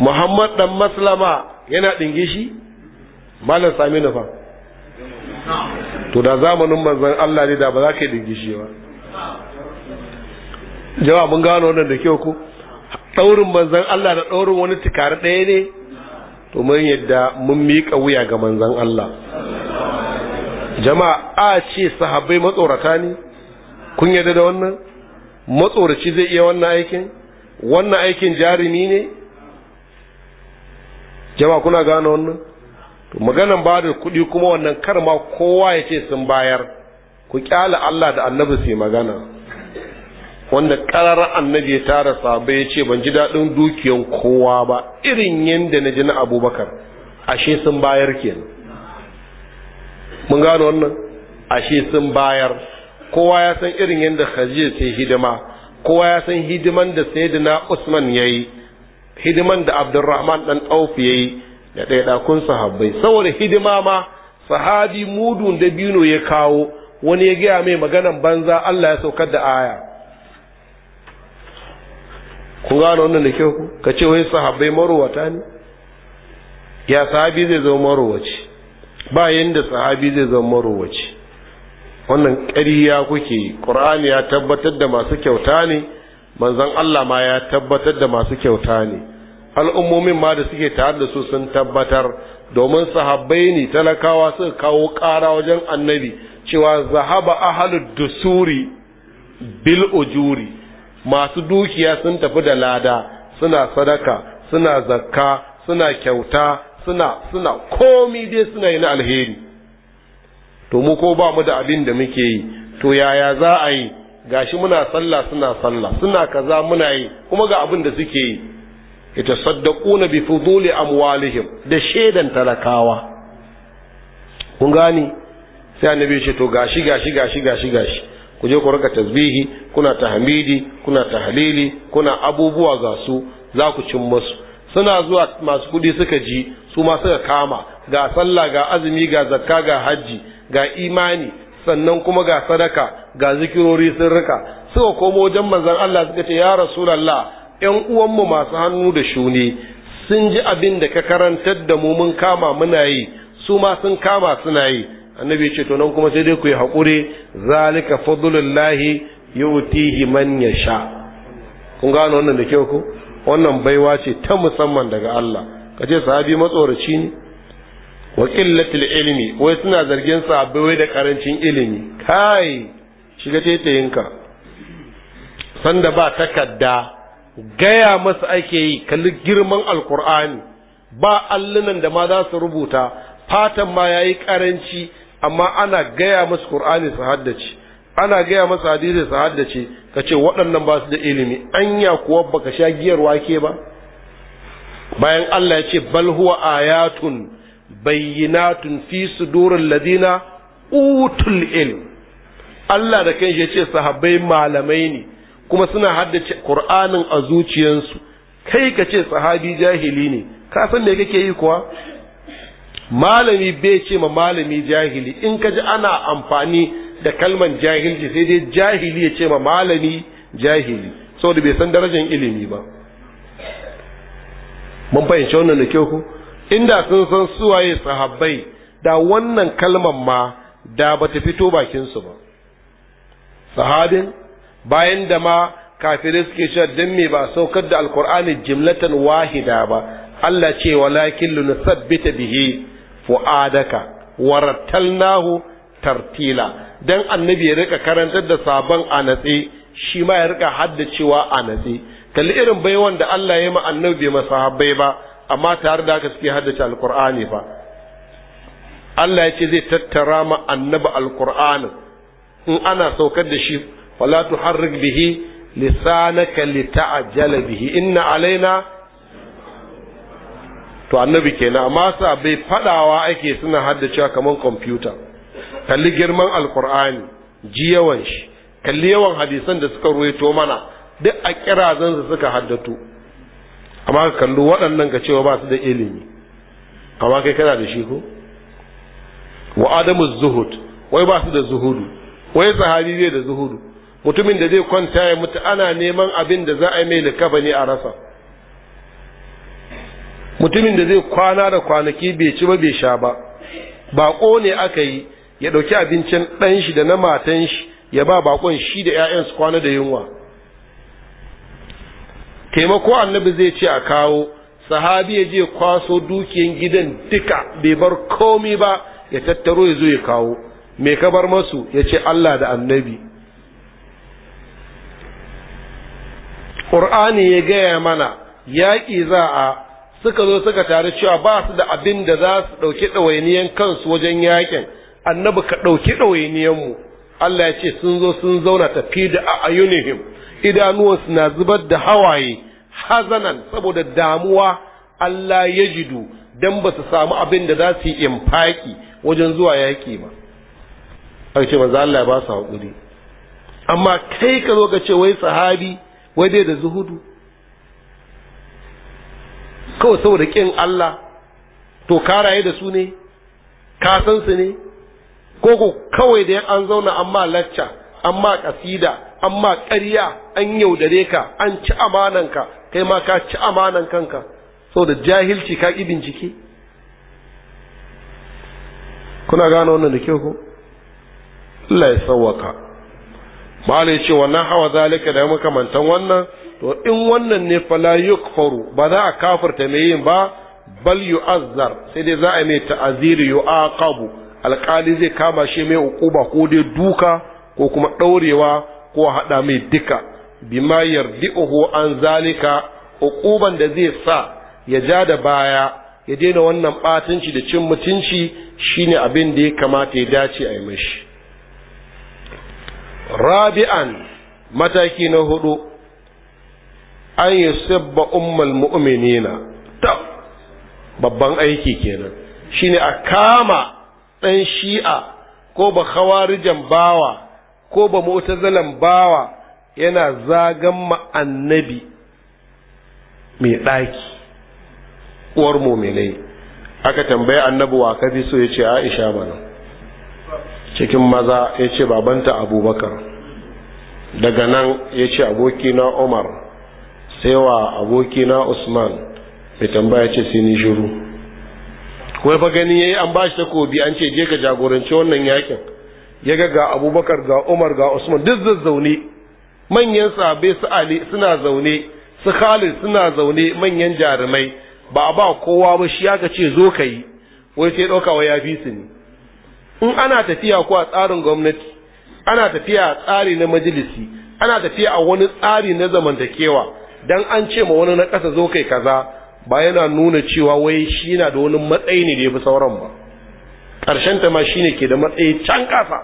Muhammad ɗan Maslama yana ɗinge shi malam sami nufa to da zamanin manzan Allah ne da ba za ka yi ɗinge shi ba jama'a mun gano wannan da kyau ku? ɗaurin manzan Allah da ɗaurin wani tukari ɗaya ne to mun yadda mun miƙa wuya ga manzan Allah jama'a a ce sahabbai matsorata ne kun yadda da wannan matsoraci zai iya wannan aikin wannan aikin jarumi ne jama'a kuna gano wannan to maganan ba da kuɗi kuma wannan kar ma kowa ya ce sun bayar ku kyala Allah da annabi su magana wanda ƙararar annabi ya tara sabai ya ce ban ji daɗin dukiyan kowa ba irin yadda na ji na abubakar ashe sun bayar kenan mun gano wannan ashe sun bayar kowa ya san irin yadda khadija ta hidima kowa ya san hidiman da sayyidina usman yayi hidiman da abdurrahman dan auf yayi da ɗaiɗakun sahabbai saboda hidima ma sahabi mudun da bino ya kawo wani ya gaya mai maganan banza Allah ya saukar da aya kun gano wannan da kyau ku ka ce wai sahabbai marowata ne ya sahabi zai zama marowaci ba da sahabi zai zama marowaci wannan ƙarya kuke ƙur'ani ya tabbatar da masu kyauta ne manzon Allah ma ya tabbatar da masu kyauta ne al'ummomin ma da suke tare da su sun tabbatar domin sahabbai ne talakawa suka kawo ƙara wajen annabi cewa zahaba ahalud dusuri bil ujuri masu dukiya sun tafi da lada suna sadaka suna zakka suna kyauta suna suna komi dai suna yi na alheri to mu ko ba mu da abin da muke yi to yaya za a yi gashi muna sallah suna sallah suna kaza muna yi kuma ga abin da suke yi yatasaddaquna bi fuduli amwalihim da shedan talakawa kun gani sai annabi ce to gashi gashi gashi gashi gashi ku je ku rika tasbihi kuna tahmidi kuna tahlili kuna abubuwa ga su za ku cin musu suna zuwa masu kudi suka ji su ma suka kama ga sallah ga azumi ga zakka ga hajji ga imani sannan kuma ga sadaka ga zikirori sun rika suka komo wajen manzon Allah suka ce ya rasulullah yan uwanmu masu hannu da shuni sun ji abin da ka karantar da mu mun kama muna yi su ma sun kama suna yi annabi ce to nan kuma sai dai ku yi haƙuri zalika fadlullahi yutihi man yasha kun gano wannan da kyau ko wannan baiwa ce ta musamman daga Allah kace sahabi matsoraci ne wa qillatil ilmi wai suna zargin sahabbai wai da karancin ilimi kai shiga tetayinka sanda ba takadda gaya masa ake yi kalli girman alkur'ani ba allunan da ma za su rubuta fatan ma yayi karanci amma ana gaya masu qur'ani su haddace ana gaya masa hadisi su haddace ka ce waɗannan ba su da ilimi anya kuwa baka sha giyar wake ba bayan Allah ya ce bal huwa ayatun bayyinatun fi sudurul ladina utul ilm Allah da kanshi ya ce sahabbai malamai ne kuma suna haddace Qur'anin a zuciyansu kai ka ce sahabi jahili ne ka san me kake yi kuwa malami bai ce ma malami jahili in ka ji ana amfani da kalman jahilci sai dai jahili ya ce ma malami jahili saboda bai san darajar ilimi ba mun fahimci wannan da kyau ku inda sun san suwaye sahabbai da wannan kalmar ma da bata fito bakinsu ba sahabin bayan da ma kafirai suke cewa dan me ba saukar da alkur'ani jimlatan wahida ba Allah ce walakin lunasabbita bihi fu'adaka warattalnahu tartila dan annabi ya rika karantar da sabon a natse shi ma ya rika haddacewa a natse kalli irin baiwan da Allah ya ma annabi ma sahabbai ba amma tare da haka suke haddace alkur'ani fa Allah ya ce zai tattara ma annabi alkur'anin in ana saukar da shi fala tuharrik bihi lisanaka lita'jala bihi inna alaina to annabi kenan amma sa bai fadawa ake suna haddacewa kamar kwamfuta kalli girman alkur'ani ji yawan shi kalli yawan hadisan da suka ruwaito mana duk a kirazansu suka haddatu amma ka kallo waɗannan ka cewa ba su da ilimi amma kai kana da shi ko wa adamu zuhud wai ba su da zuhudu wai sahabi bai da zuhudu mutumin da zai kwanta ya mutu ana neman abin da za a yi mai likafa a rasa mutumin da zai kwana da kwanaki bai ci ba bai sha ba baƙo ne aka yi ya ɗauki abincin ɗan shi da na matan shi ya ba baƙon shi da 'ya'yansu kwana da yunwa taimako annabi zai ce a kawo sahabi ya je kwaso dukiyan gidan duka bai bar komi ba ya tattaro ya zo ya kawo me ka bar masu ya ce Allah da annabi Qur'ani ya gaya mana yaƙi za a suka zo suka tare cewa ba su da abin da za su ɗauki ɗawainiyan kansu wajen yakin annabi ka ɗauki ɗawainiyanmu Allah ya ce sun zo sun zauna tafi da a ayunihim idanuwansu na zubar da hawaye hazanan saboda damuwa Allah ya jidu don ba su samu abin da za su yi infaki wajen zuwa yaƙi ba A ce manzo Allah ba su haƙuri amma kai ka zo ka ce wai sahabi wai dai da zuhudu kawai saboda ƙin Allah to karaye da su ne ka san su ne ko ko kawai da an zauna amma lacca amma kasida amma ƙarya an yaudare ka an ci amananka kai ma ka ci amanan kanka da jahilci ka ƙi bincike kuna gane wannan da kyau ko Allah ya sawaka malai ce wannan hawa zalika da makamantan wannan to in wannan ne fala yukfaru ba za a kafirta mai yin ba bal yu'azzar sai dai za a mai ta'aziri yu'aqabu alƙali zai kama shi mai ukuba ko dai duka ko kuma ɗaurewa ko haɗa mai duka bima uhu an zalika uquban da zai sa ya ja da baya ya daina wannan batunci da cin mutunci shine abin da ya kamata ya dace a yi mashi rabi'an mataki na hudu an yi sabba ummal mu'minina ta babban aiki kenan shine a kama ɗan shi'a ko ba khawarijan bawa ko ba zalan bawa yana zagan ma annabi mai ɗaki uwar muminai aka tambaye annabi wa ka fi so ya ce aisha mana cikin maza ya ce babanta abubakar daga nan ya ce abokina umar sai wa abokina usman mai tambaya ce sai ni shiru kuma fa gani yayi an bashi takobi an ce je ka jagoranci wannan yakin ya ga ga abubakar ga umar ga usman duk zazzaune manyan sahabbai su ali suna zaune su khalid suna zaune manyan jarumai ba a ba kowa ba shi aka ce zo ka yi wai sai ɗaukawa ya fi su ne in ana tafiya ko a tsarin gwamnati ana tafiya a tsari na majalisi ana tafiya a wani tsari na zamantakewa dan an ce ma wani na ƙasa zo kai kaza ba yana nuna cewa wai shi yana da wani matsayi ne da ya fi sauran ba ƙarshen ta ma shine ke da matsayi can kasa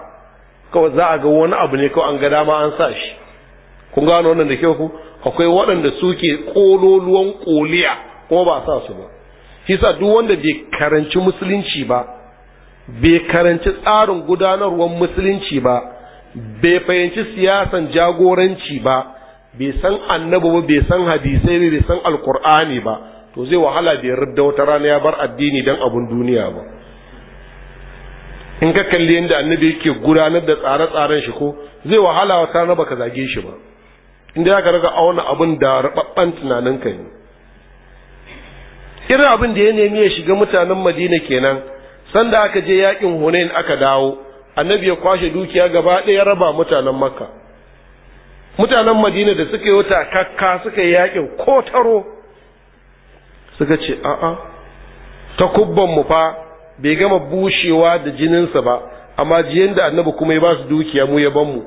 kawai za a ga wani abu ne kawai an ga dama an sa shi kun gano wannan da kyau ku akwai waɗanda suke ƙololuwan ƙoliya kuma ba sa su ba sa duk wanda bai karanci musulunci ba bai karanci tsarin gudanarwar musulunci ba bai fahimci siyasan jagoranci ba bai san annabi ba bai san hadisai ba bai san alkur'ani ba to zai wahala bai rudda wata rana ya bar addini dan abun duniya ba in ka kalli yadda annabi yake gudanar da tsare-tsaren shi ko zai wahala wa ba baka zage shi ba inda ya ka raga auna abin da rababban tunanin ka ne irin abin da ya nemi ya shiga mutanen madina kenan sanda aka je yakin hunain aka dawo annabi ya kwashe dukiya gaba ɗaya ya raba mutanen makka mutanen madina da suka yi wata kakka suka yi yakin ko taro. suka ce a'a ta kubban mu fa bai gama bushewa da jininsa ba amma jiyan da annabi kuma ya ba su dukiya mu ya ban mu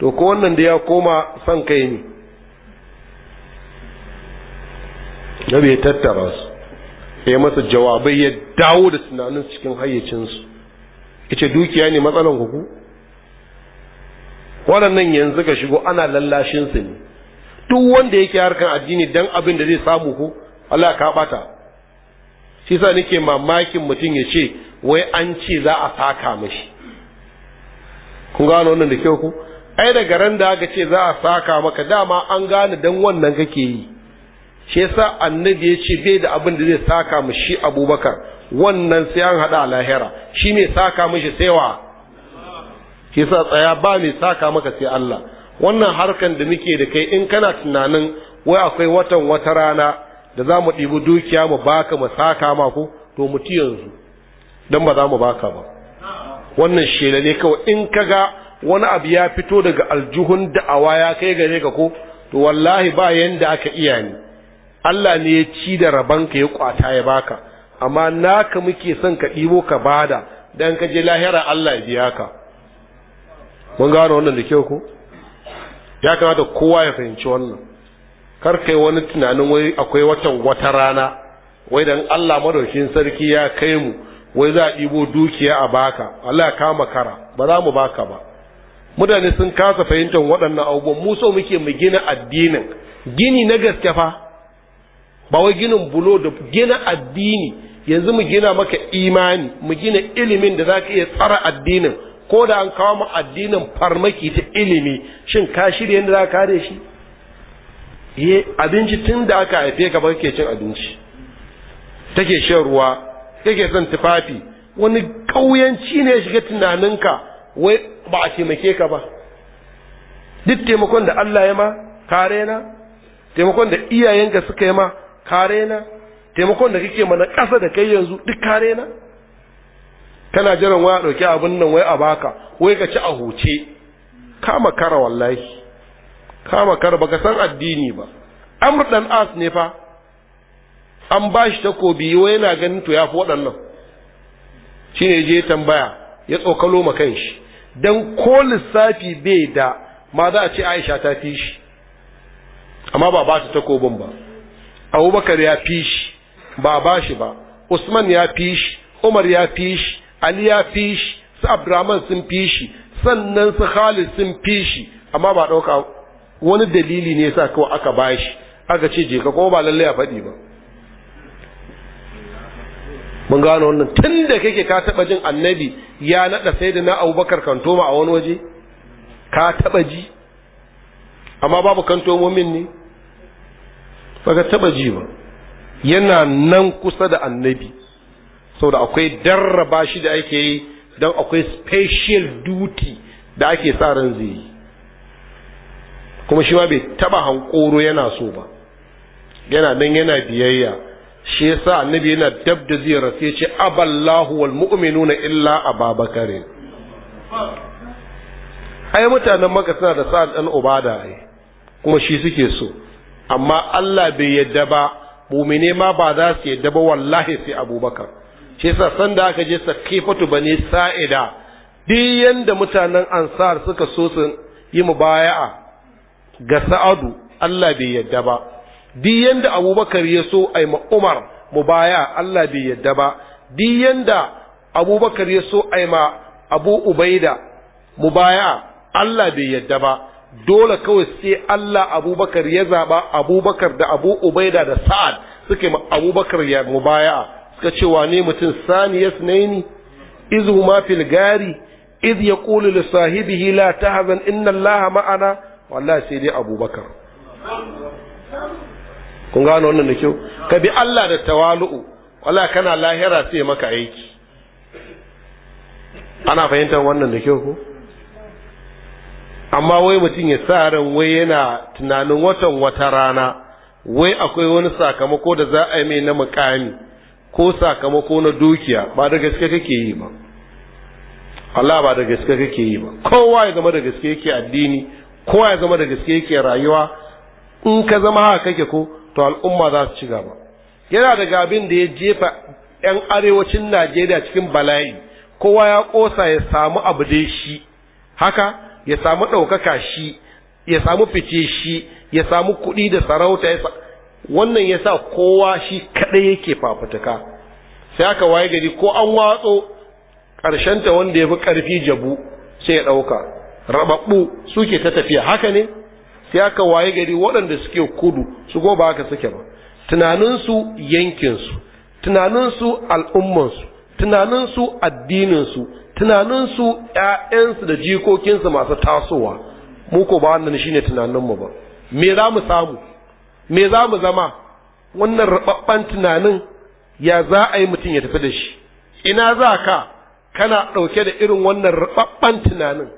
to ko wannan da ya koma son kai ne na bai tattara su ya masa jawabai ya dawo da tunanin cikin hayyacinsu ita dukiya ne matsalan ku waɗannan yanzu ka shigo ana lallashinsu ne duk wanda yake harkar addini dan abin da zai samu ku Allah ka bata shi sa nake mamakin mutum ya ce wai an ce za a saka mashi kun gano wannan da kyau ku ai daga ran da aka ce za a saka maka dama an gane dan wannan kake yi shi yasa annabi ya ce bai da abin da zai saka mashi abubakar wannan sai an hada lahira shi mai saka mashi sai wa shi yasa tsaya ba mai saka maka sai Allah wannan harkan da muke da kai in kana tunanin wai akwai watan wata rana da za mu ɗibi dukiya mu baka mu saka mako. to mu ci yanzu don ba za mu baka ba wannan shela ne kawai in ka ga wani abu ya fito daga aljuhun da'awa ya kai gare ka ko to wallahi ba yanda aka iya ni Allah ne ya ci da rabanka ya kwata ya baka amma naka muke son ka ɗibo ka bada dan ka je lahira Allah ya biya ka mun gano wannan da kyau ko ya kamata kowa ya fahimci wannan kar kai wani tunanin wai akwai watan wata rana wai dan Allah madaukin sarki ya kai mu wai za a ɗibo dukiya a baka Allah kama kara, ba za mu baka ba mutane sun kasa fahimtar waɗannan abubuwan mu so muke mu gina addinin gini na gaske fa ba wai ginin bulo da gina addini yanzu mu gina maka imani mu gina ilimin da zaka iya tsara addinin ko da an kawo mu addinin farmaki ta ilimi shin ka shirya yadda za ka kare shi yi abinci tun da aka haife ka ba kake cin abinci take shan ruwa kake son tufafi wani ƙauyanci ne ya shiga tunaninka wai ba a taimake ka ba duk taimakon da Allah ya ma kare na taimakon da iyayenka suka yi ma kare na taimakon da kake mana ƙasa da kai yanzu duk kare na kana jiran waya ɗauki abin nan wai a baka wai ka ci a huce kama kara wallahi kama kar baka san addini ba amr dan as ne fa an ba shi takobi wai yana ganin to ya fi waɗannan shi je tambaya ya tsokalo ma kan shi don ko lissafi bai da ma za a ce aisha ta fi shi amma ba ba ta takobin ba abubakar ya fi shi ba ba shi ba usman ya fi shi umar ya fi shi ali ya fi shi su abdurrahman sun fi shi sannan su khalid sun fi shi amma ba ɗauka wani dalili ne sa kawai aka bashi aka ce je ka ba lallai a faɗi ba mun gano wannan tun da kake ka taɓa jin annabi ya naɗa sai da na abubakar kantoma a wani waje ka taɓa ji amma babu kantomomin ne ba ka taɓa ji ba yana nan kusa da annabi saboda akwai darraba shi da ake yi don akwai special duty da ake sa ran zai yi kuma shi ma bai taba hankoro yana so ba yana nan yana biyayya shi yasa annabi yana dab da zai sai ce aballahu wal mu'minuna illa ababakarin ai mutanen maka suna da sa'ad dan ubada ai kuma shi suke so amma Allah bai yadda ba mumine ma ba za su yadda ba wallahi sai abubakar shi yasa san da aka je sakifatu bani sa'ida duk yanda mutanen ansar suka so su yi mubaya'a ga sa'adu Allah bai yadda ba duk yanda abubakar ya so ai ma umar mubaya Allah bai yadda ba duk yanda abubakar ya so ai ma abu ubaida mubaya Allah bai yadda ba dole kawai sai Allah abubakar ya zaba abubakar da abu ubaida da sa'ad suka ma abubakar ya mubaya suka ce wane mutum saniyas naini izu ma fil gari iz yaqulu li sahibihi la tahzan inna allaha ma'ana wallahi sai dai abubakar kun gano wannan da kyau ka bi Allah da tawalu'u wala kana lahira sai maka aiki ana fahimtar wannan da kyau ko amma wai mutum ya sa ran wai yana tunanin watan wata rana wai akwai wani sakamako da za a yi mai na mukami ko sakamako na dukiya ba da gaske kake yi ba Allah ba da gaske kake yi ba kowa ya zama da gaske yake addini kowa ya zama da gaske yake rayuwa in ka zama haka kake ko to al'umma za su ci gaba yana daga abin da ya jefa 'yan arewacin najeriya cikin bala'i kowa ya kosa ya samu abu da shi haka ya samu ɗaukaka shi ya samu fice shi ya samu kuɗi da sarauta wannan ya sa kowa shi kaɗai yake fafutuka sai aka waye gari ko an watso ƙarshenta wanda ya fi ƙarfi jabu sai ya ɗauka rababbu suke ta tafiya haka ne sai aka waye gari waɗanda suke kudu su go ba haka suke ba tunaninsu yankinsu tunaninsu al'ummansu tunaninsu addininsu tunaninsu ‘ya'yansu da jikokinsu masu tasowa mu ko ba wannan shine tunaninmu ba me za mu samu me za mu zama wannan rababban tunanin ya za a yi mutum ya tafi da shi ina za ka kana ɗauke da irin wannan rababban tunanin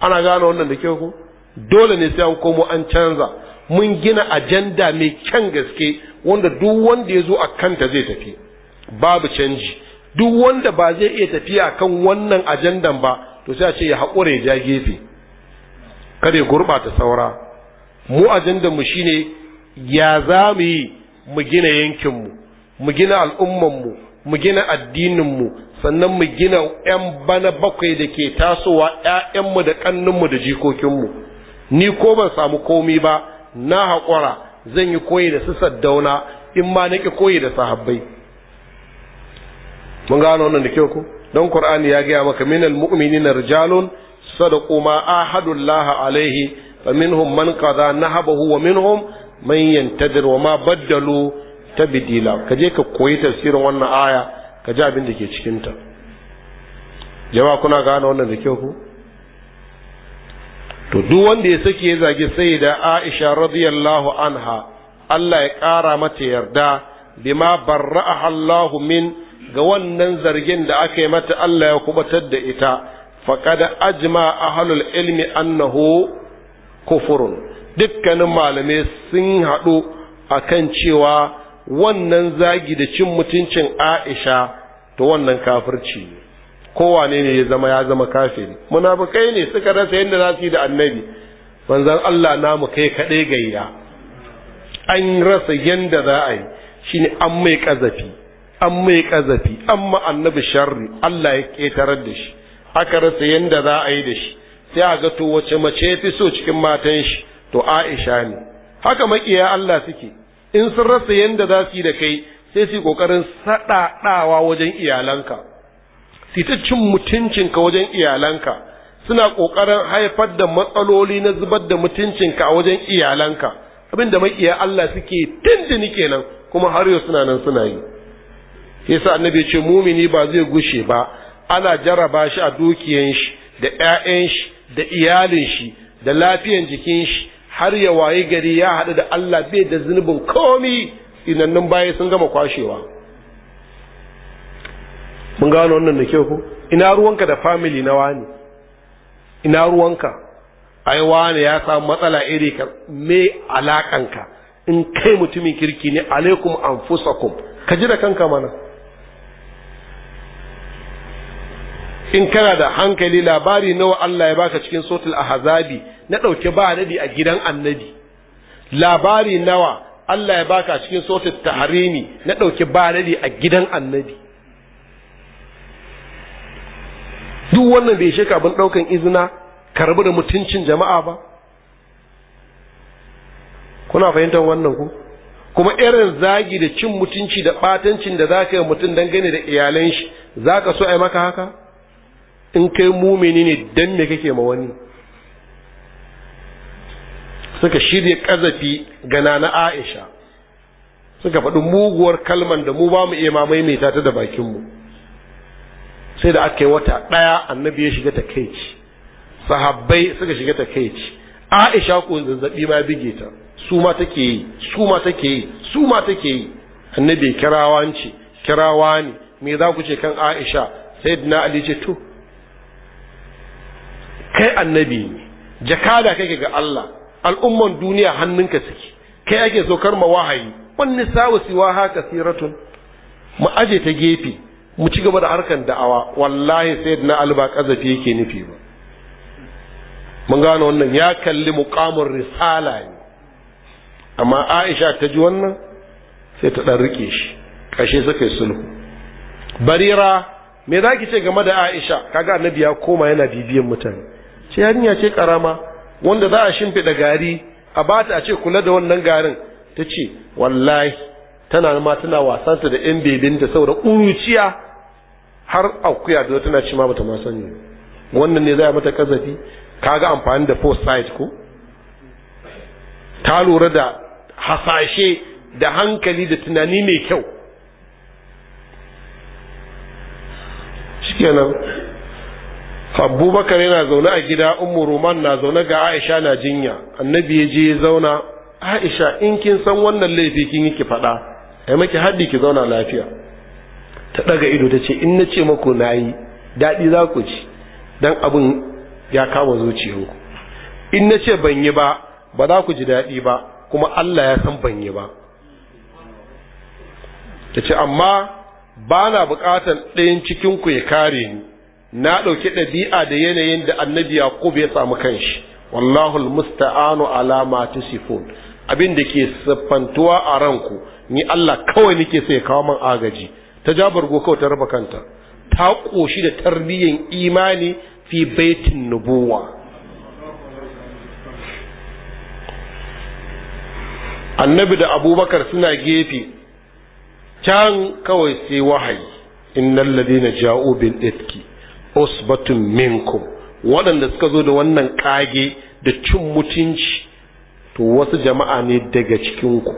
ana gane wannan da kyau ku dole ne sai an komo an canza mun gina ajanda mai kyan gaske wanda duk wanda ya zo a kanta zai tafi babu canji duk wanda ba zai iya tafiya kan wannan ajandan ba to sai a ce ya haƙura ya ja gefe kada ya gurɓata saura mu ajandan mu shine ya za mu yi mu gina yankinmu mu gina al'ummanmu mu gina addininmu sannan mu gina 'yan bana bakwai da ke tasowa 'ya'yanmu da ƙanninmu da jikokinmu ni ko ban samu komi ba na haƙura zan yi koyi da su saddauna in ma nake koyi da sahabbai mun gano wannan da kyau ko don qur'ani ya gaya maka minal mu'minina rijalun sadaqu ma ahadullahi alaihi fa minhum man qada nahabahu wa minhum man yantadir wa ma baddalu tabdila kaje ka koyi tafsirin wannan aya ka ji abin da ke cikinta jama kuna gane wannan da kyau ku to duk wanda ya sake ya zagi sai da aisha radiyallahu anha allah ya ƙara mata yarda bima barra allah min ga wannan zargin da aka yi mata allah ya kubatar da ita faqad ajma ahlul ilmi annahu kufurun dukkanin malamai sun haɗu akan cewa wannan zagi da cin mutuncin aisha to wannan kafirci ne kowane ne ya zama ya zama kafiri munafikai ne suka rasa yadda za su yi da annabi manzon Allah namu kai kaɗai gayya an rasa yadda za a yi shine an mai ƙazafi? an mai kazafi amma annabi sharri Allah ya ketarar da shi aka rasa yadda za a yi da shi sai a ga to wace mace fi so cikin matan shi to Aisha ne haka makiya Allah suke in sun rasa yadda za su yi da kai sai su yi ƙoƙarin saɗaɗawa wajen iyalanka su ta cin mutuncinka wajen iyalanka suna ƙoƙarin haifar da matsaloli na zubar da mutuncinka a wajen iyalanka abin da maƙiya Allah suke tindini kenan kuma har yau suna nan suna yi yasa annabi ce mumini ba zai gushe ba ana jarraba shi a dukiyan shi da ƴaƴan shi da iyalin shi da lafiyan jikin shi har ya waye gari ya haɗu da Allah bai da zunubin komi Inannin baya sun gama kwashewa mun gano wannan da kyau ko ina ruwanka da family na wani ina ruwanka ai wani ya samu matsala iri ka me alakanka in kai mutumin kirki ne alaikum anfusakum ka ji da kanka mana in kana da hankali labari nawa Allah ya baka cikin sotul Ahazabi na dauke ba nabi a gidan annabi labari nawa Allah ya baka a cikin ta taharimi na ɗauki baladi a gidan annabi duk wannan bai shi kabin ɗaukan izina karbi da mutuncin jama'a ba kuna fahimtar wannan ku kuma irin zagi da cin mutunci da ɓatancin da za ka yi mutum dangane da iyalan shi za ka so a yi maka haka in kai mumini ne dan me kake ma wani suka shirya kazafi ga nana Aisha suka faɗi muguwar kalman da mu ba mu iya maimaita ta da bakinmu sai da aka yi wata ɗaya annabi ya shiga takaici sahabbai suka shiga takaici Aisha ko zazzabi ma bige ta su ma take yi su ma take yi su ma take yi annabi kirawanci kirawa ne me za ku ce kan Aisha sayyidina Ali ce to kai annabi jakada kake ga Allah al'umman duniya hannunka suke kai ake saukar ma wahayi wani sawu siwa haka siratun mu aje ta gefe mu ci gaba da harkan da'awa wallahi sai na alba kazafi yake nufi ba mun gano wannan ya kalli muqamul risala ne amma aisha ta ji wannan sai ta dan rike shi kashe suka yi sulhu barira me zaki ce game da aisha kaga annabi ya koma yana bibiyan mutane ce yarinya ce karama wanda za a shimfiɗa gari a bata a ce kula da wannan garin ta ce wallahi tana ma tana wasanta da yan sau da saboda ƙuruciya har akuya da tana ci ma bata ma sani wannan ne za a mata kazafi kaga amfani da foresight ko ta lura da hasashe da hankali da tunani mai kyau shikenan abubakar yana zaune a gida ummu ruman na zaune ga aisha na jinya annabi ya je ya zauna aisha in kin san wannan laifi kin yi ki faɗa ai maki haddi ki zauna lafiya ta ɗaga ido ta ce in na ce maku na yi daɗi za ku ci dan abin ya kama zuciyanku in na ce ban yi ba ba za ku ji daɗi ba kuma Allah ya san ban yi ba ta ce amma ba na buƙatan ɗayan cikinku ya kare ni na ɗauki ɗabi'a da yanayin da annabi yaqub ya samu kanshi wallahu almusta'anu ala ma tusifun abin da ke siffantuwa a ranku ni Allah kawai nake sai kawo man agaji ta jabar go kawai ta raba kanta ta koshi da tarbiyyan imani fi baitin nubuwa annabi da abubakar suna gefe can kawai sai wahayi innal ladina ja'u bil itki usbatun minkum waɗanda suka zo da wannan ƙage da cin mutunci to wasu jama'a ne daga cikinku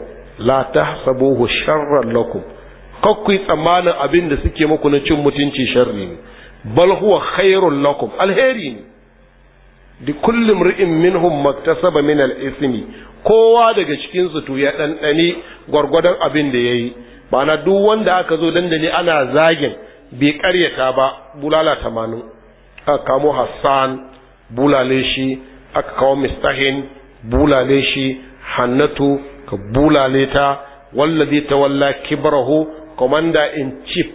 la tahsabuhu sharran lakum kakkui tsammanin abin da suke muku na cin mutunci sharri ne bal huwa khairul lakum alheri ne di kullum ri'in minhum maktasaba min al-ismi kowa daga cikin su to ya dandane gwargwadon abin da yayi ba na duk wanda aka zo dandane ana zagin bai karyata ba bulala tamanin aka kamo hassan bulale shi aka kawo mistahin bulale shi hannatu ka bulale ta wallazi tawalla kibrahu commander in chief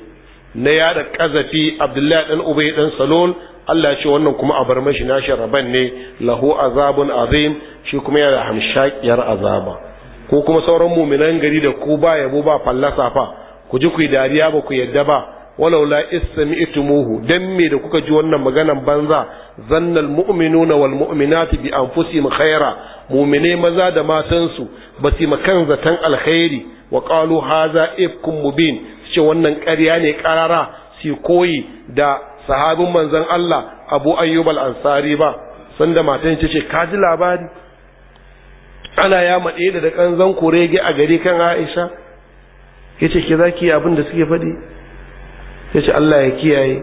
na yada kazafi abdullahi dan ubay dan salon Allah ce wannan kuma a bar mashi nashi raban ne lahu azabun azim shi kuma yana hamshakiyar azaba ko kuma sauran muminan gari da ku ba yabo ba fallasa fa ku ji ku dariya ba ku yadda ba walau la istami'tumuhu dan me da kuka ji wannan maganan banza zannal mu'minuna wal mu'minati bi anfusihim khaira mu'mine maza da matansu ba su makan zatan alkhairi wa qalu hadha ifkum mubin ce wannan ƙarya ne ƙarara su koyi da sahabin manzon Allah Abu Ayyub al-Ansari ba sanda matan ce ce ka ji labari ana ya maɗe da da kanzan kurege a gari kan Aisha yace ki zaki abin da suke faɗi sai ce Allah ya kiyaye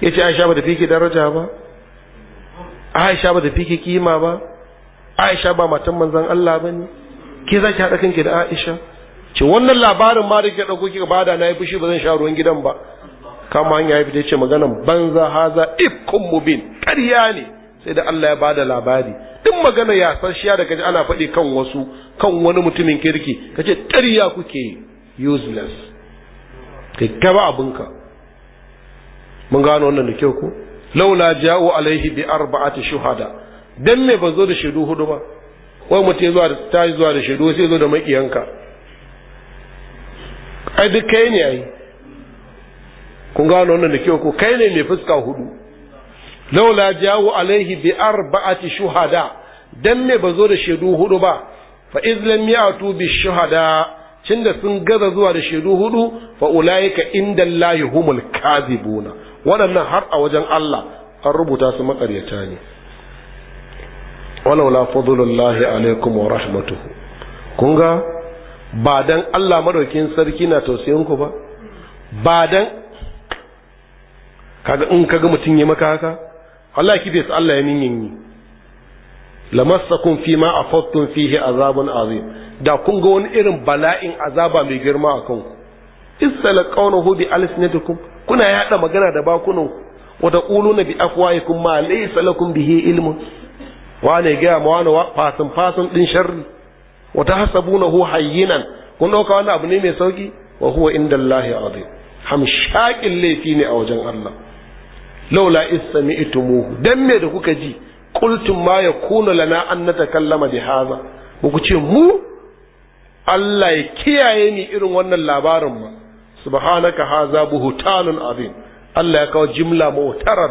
ya ce Aisha ba da fiki daraja ba Aisha ba da fiki kima ba Aisha ba matan manzon Allah ba ne ke za ki haɗa kanki da Aisha ce wannan labarin ma da ke ɗauko kika bada na yi fushi ba zan sha ruwan gidan ba kama hanya ya fita ce maganan banza haza ikkun mubin ƙarya ne sai da Allah ya bada labari duk magana ya sashiya da kaji ana faɗi kan wasu kan wani mutumin kirki kace ƙarya kuke useless kai gaba abinka mun gano wannan da kyau ko laula ja'u alaihi bi arba'ati shuhada dan me bazo zo da shaidu hudu ba wai mutum zuwa ta zuwa da shaidu sai zo da makiyanka ai duk kai ne ai kun gano wannan da kyau ko kai ne mai fuska hudu laula ja'u alaihi bi arba'ati shuhada dan me bazo zo da shaidu hudu ba fa iz lam ya'tu bi shuhada cin sun gaza zuwa da shaidu hudu fa ulaika indallahi humul kadhibuna waɗannan har a wajen Allah an rubuta su makaryata ne walaula fadlullahi alaikum wa rahmatuhu kun ga ba dan Allah madaukin sarki na tausayin ku ba ba dan kaga in kaga mutun ya maka haka Allah ki bai Allah ya nin yi lamassakum fi ma afattum fihi azabun azim da kun ga wani irin bala'in azaba mai girma a kanku isla qawluhu bi alsinatikum kuna yaɗa magana da bakunan wa na bi afwaikum ma lai salakun bihi ilmun wane gaya ma wane fasin fasin din sharri wa hu hayyinan kun ɗauka wani abu ne mai sauki wa huwa indallahi azim Hamshaƙin laifi ne a wajen Allah laula istami'tumuhu dan me da kuka ji qultum ma ya kuna lana an takallama bi hadha ku ce mu Allah ya kiyaye ni irin wannan labarin ma subhanaka haza buhtanun azim Allah ya kawo jimla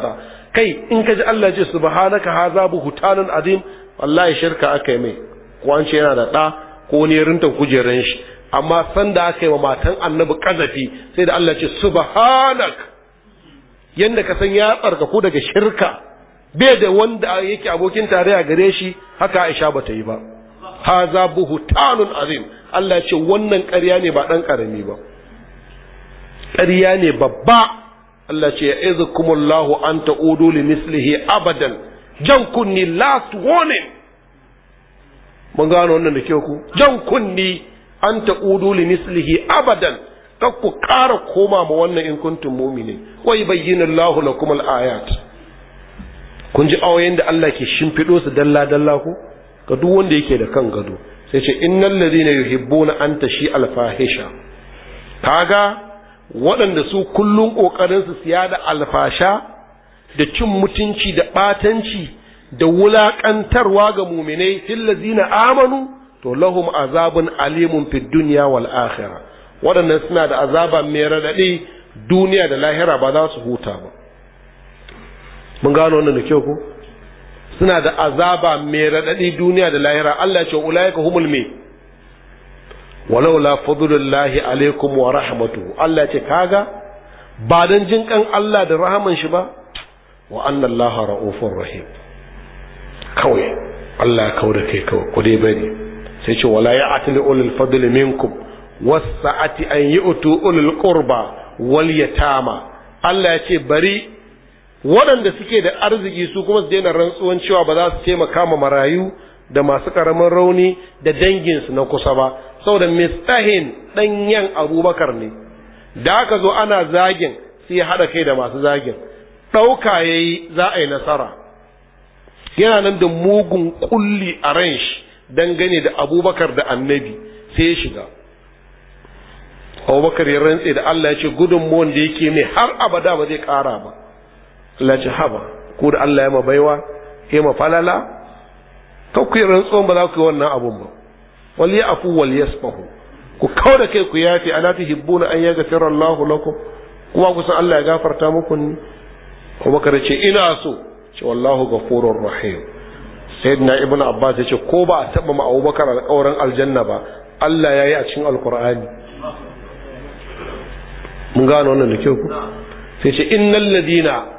da. kai in ka kaji Allah ce subhanaka haza buhtanun azim wallahi shirka aka yi mai ko an ce yana da da ko ne rinta kujeran shi amma san da aka yi wa matan annabi kazafi sai da Allah ce subhanak yanda ka san ya tsarka ku daga shirka bai da wanda yake abokin tarayya gare shi haka Aisha bata yi ba haza buhtanun azim Allah ya ce wannan ƙarya ne ba ɗan karami ba ƙarya ne babba Allah ce ya izukumullahu an ta'udu li mislihi abadan jan kunni last warning mun gano wannan da kyau ku jan kunni an ta'udu li mislihi abadan kar ku ƙara koma ma wannan in kuntum mu'minin wai Allah lakum al-ayat kun ji ayoyin da Allah ke shimfiɗo su dalla dalla ku ga duk wanda yake da kan gado sai ce innal ladina yuhibbuna an tashi al-fahisha kaga waɗanda su kullum ƙoƙarinsu siya da alfasha da cin mutunci da ɓatanci da wulaƙantarwa ga muminai fillazina amanu to lahum azabun alimun fi duniya wal akhirah waɗannan suna da azaba mai raɗaɗi duniya da lahira ba za su huta ba mun gano wannan da kyau ko suna da azaba mai raɗaɗi duniya da lahira Allah ya ce ulaika humul walau la fadlullahi alaikum wa rahmatuhu Allah ce kaga ba dan jin kan Allah da rahaman shi ba wa anna allaha ra'ufur rahim kawai Allah ya kawo kai kawai ku dai bari sai ce wala ya'til ulul fadl minkum wasa'ati an yu'tu ulul qurba wal yatama Allah ya ce bari waɗanda suke da arziki su kuma su daina rantsuwan cewa ba za su taimaka ma marayu da masu ƙaramin rauni da danginsu na kusa ba saboda mistahin ɗanyen abubakar ne da aka zo ana zagin sai haɗa kai da masu zagin ɗauka ya yi za a yi nasara yana nan da mugun kulli a ran shi dangane da abubakar da annabi sai ya shiga abubakar ya rantse da allah ya ce gudun gudunmuwan da yake mai har abada ba zai ƙara ba allah ce haba ko da allah ya ma baiwa ya ma falala kakwai rantsuwan ba za ku yi wannan abun ba wal ya'fu wal yasfahu ku kauda kai ku yafi ala tuhibbuna an yaghfira Allahu lakum kuma ku san Allah ya gafarta muku ne kuma kada ce ina so ce wallahu ghafurur rahim sayyidina ibnu abbas yace ko ba a taba ma abubakar alƙawarin aljanna ba Allah yayi a cikin alqur'ani mun gano wannan da kyau ku sai ce innal ladina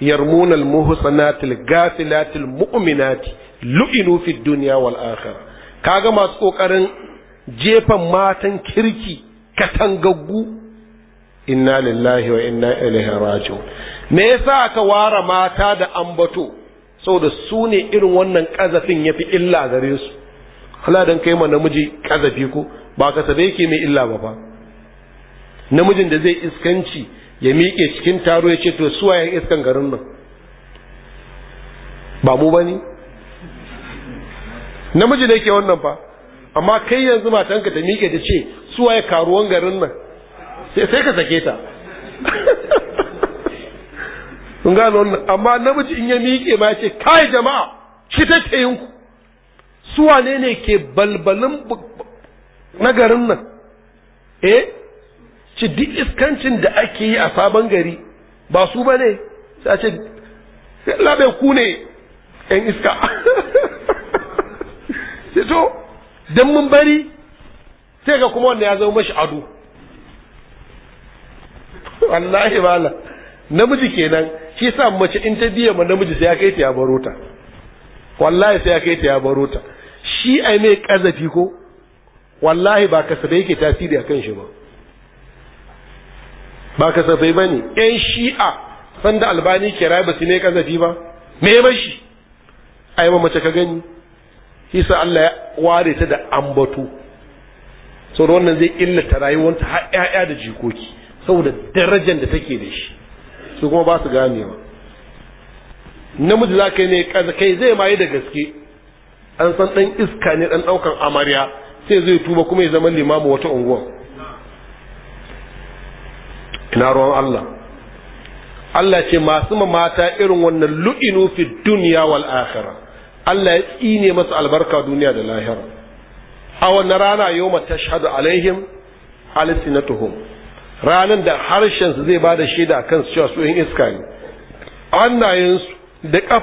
يرمون المحصنات الغافلات المؤمنات لئنوا في الدنيا والآخرة kaga masu kokarin jefan matan kirki katangaggu inna lillahi wa inna ilaihi raji'un me yasa aka ware mata da ambato saboda su ne irin wannan kazafin yafi illa gare su Allah dan kai ma namiji kazafi ko ba ka sabe yake mai illa ba fa namijin da zai iskanci ya miƙe cikin taro ya ce to suwayen iskan garin nan ba mu bane namiji ne ke wannan fa amma kai yanzu matanka ta miƙe ta ce su waye karuwan garin nan sai ka sake ta sun [LAUGHS] gano wannan amma namiji in ya miƙe ma ce kai jama'a Ki ta yin yinku su wane ne ke balbalin na garin nan eh ci duk iskancin da ake yi a sabon gari ba su ba ne sai a ce labe ku ne 'yan iska [LAUGHS] sai to dan mun bari sai ga kuma wanda ya zama mashi ado wallahi mala namiji kenan shi sa mace in ta biya ma namiji sai ya kai ta ya baro ta wallahi sai ya kai ta ya baro ta shi ai mai kazafi ko wallahi ba kasafe yake tasiri a kan shi ba ba kasafe ba ne ‘yan shi'a sanda albani kira ba su ne kazafi ba me mashi ai yi mace ka gani shi sa Allah ya ware ta da ambato saboda wannan zai illata rayuwarta har ƴaƴa da jikoki saboda darajar da take da shi su kuma ba su ganewa namiji za ka yi ne kai zai mayi da gaske an san ɗan iska ne ɗan ɗaukan amarya sai zai tuba kuma ya zama limamu wata unguwa ina ruwan Allah Allah ce masu mata irin wannan lu'inu fi duniya wal akhirah Allah ya tsine masa albarka duniya da lahira a wannan rana ma tashhadu alaihim alsinatuhum ranan da harshen su zai bada shaida kan su cewa su yin iska ne su da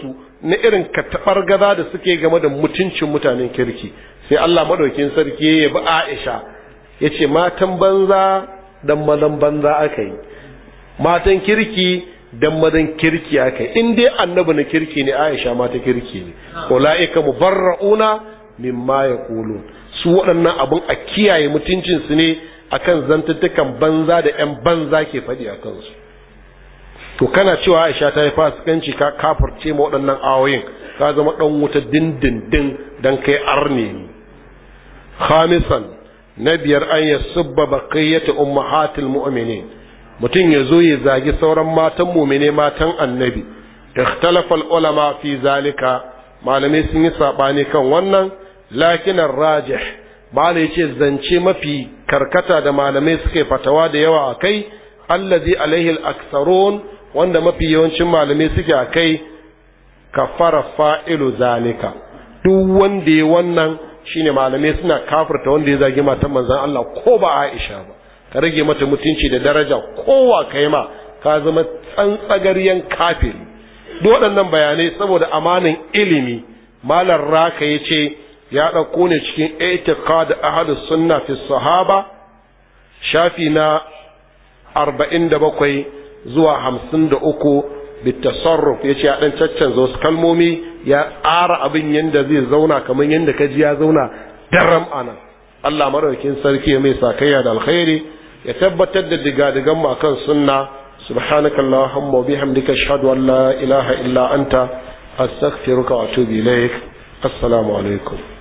su na irin katabar gaza da suke game da mutuncin mutanen kirki sai Allah madaukin sarki ya bi Aisha yace matan banza dan mazan banza aka yi matan kirki dan madan kirki aka in dai annabi na kirki ne aisha ma ta kirki ne ulaika mubarrauna mimma yaqulun su waɗannan abun a kiyaye mutuncin su ne akan zantuttukan banza da yan banza ke faɗi a kansu to kana cewa aisha ta yi fasikanci ka kafirce ma waɗannan awoyin ka zama ɗan wuta dindindin dan kai arne ne khamisan na biyar an yasubba baqiyatu ummahatil mu'minin mutum ya zo ya zagi sauran matan mumine matan annabi ikhtalafa ulama fi zalika malamai sun yi sabani kan wannan lakinan rajih bala yace zance mafi karkata da malamai suke fatawa da yawa akai allazi alaihi al-aktharun wanda mafi yawancin malamai suke akai kafara fa'ilu zalika duk wanda ya wannan shine malamai suna kafirta wanda ya zagi matan manzon Allah ko ba Aisha ba ka rage mata mutunci da daraja kowa kai ma ka zama tsantsagaryen kafiri duk waɗannan bayanai saboda amanin ilimi malar raka ya ce ya ɗauko ne cikin itiqad ahadus sunna fi sahaba shafi na 47 zuwa 53 bitasarruf ya ce ya ɗan caccanza wasu kalmomi ya tsara abin yadda zai zauna kamar yadda ka ji ya zauna daram anan Allah maraukin sarki mai sakayya da alkhairi ya tabbatar da digadigan mu akan sunna subhanaka allahumma wa bihamdika ashhadu an la ilaha illa anta astaghfiruka wa atubu ilaik assalamu alaikum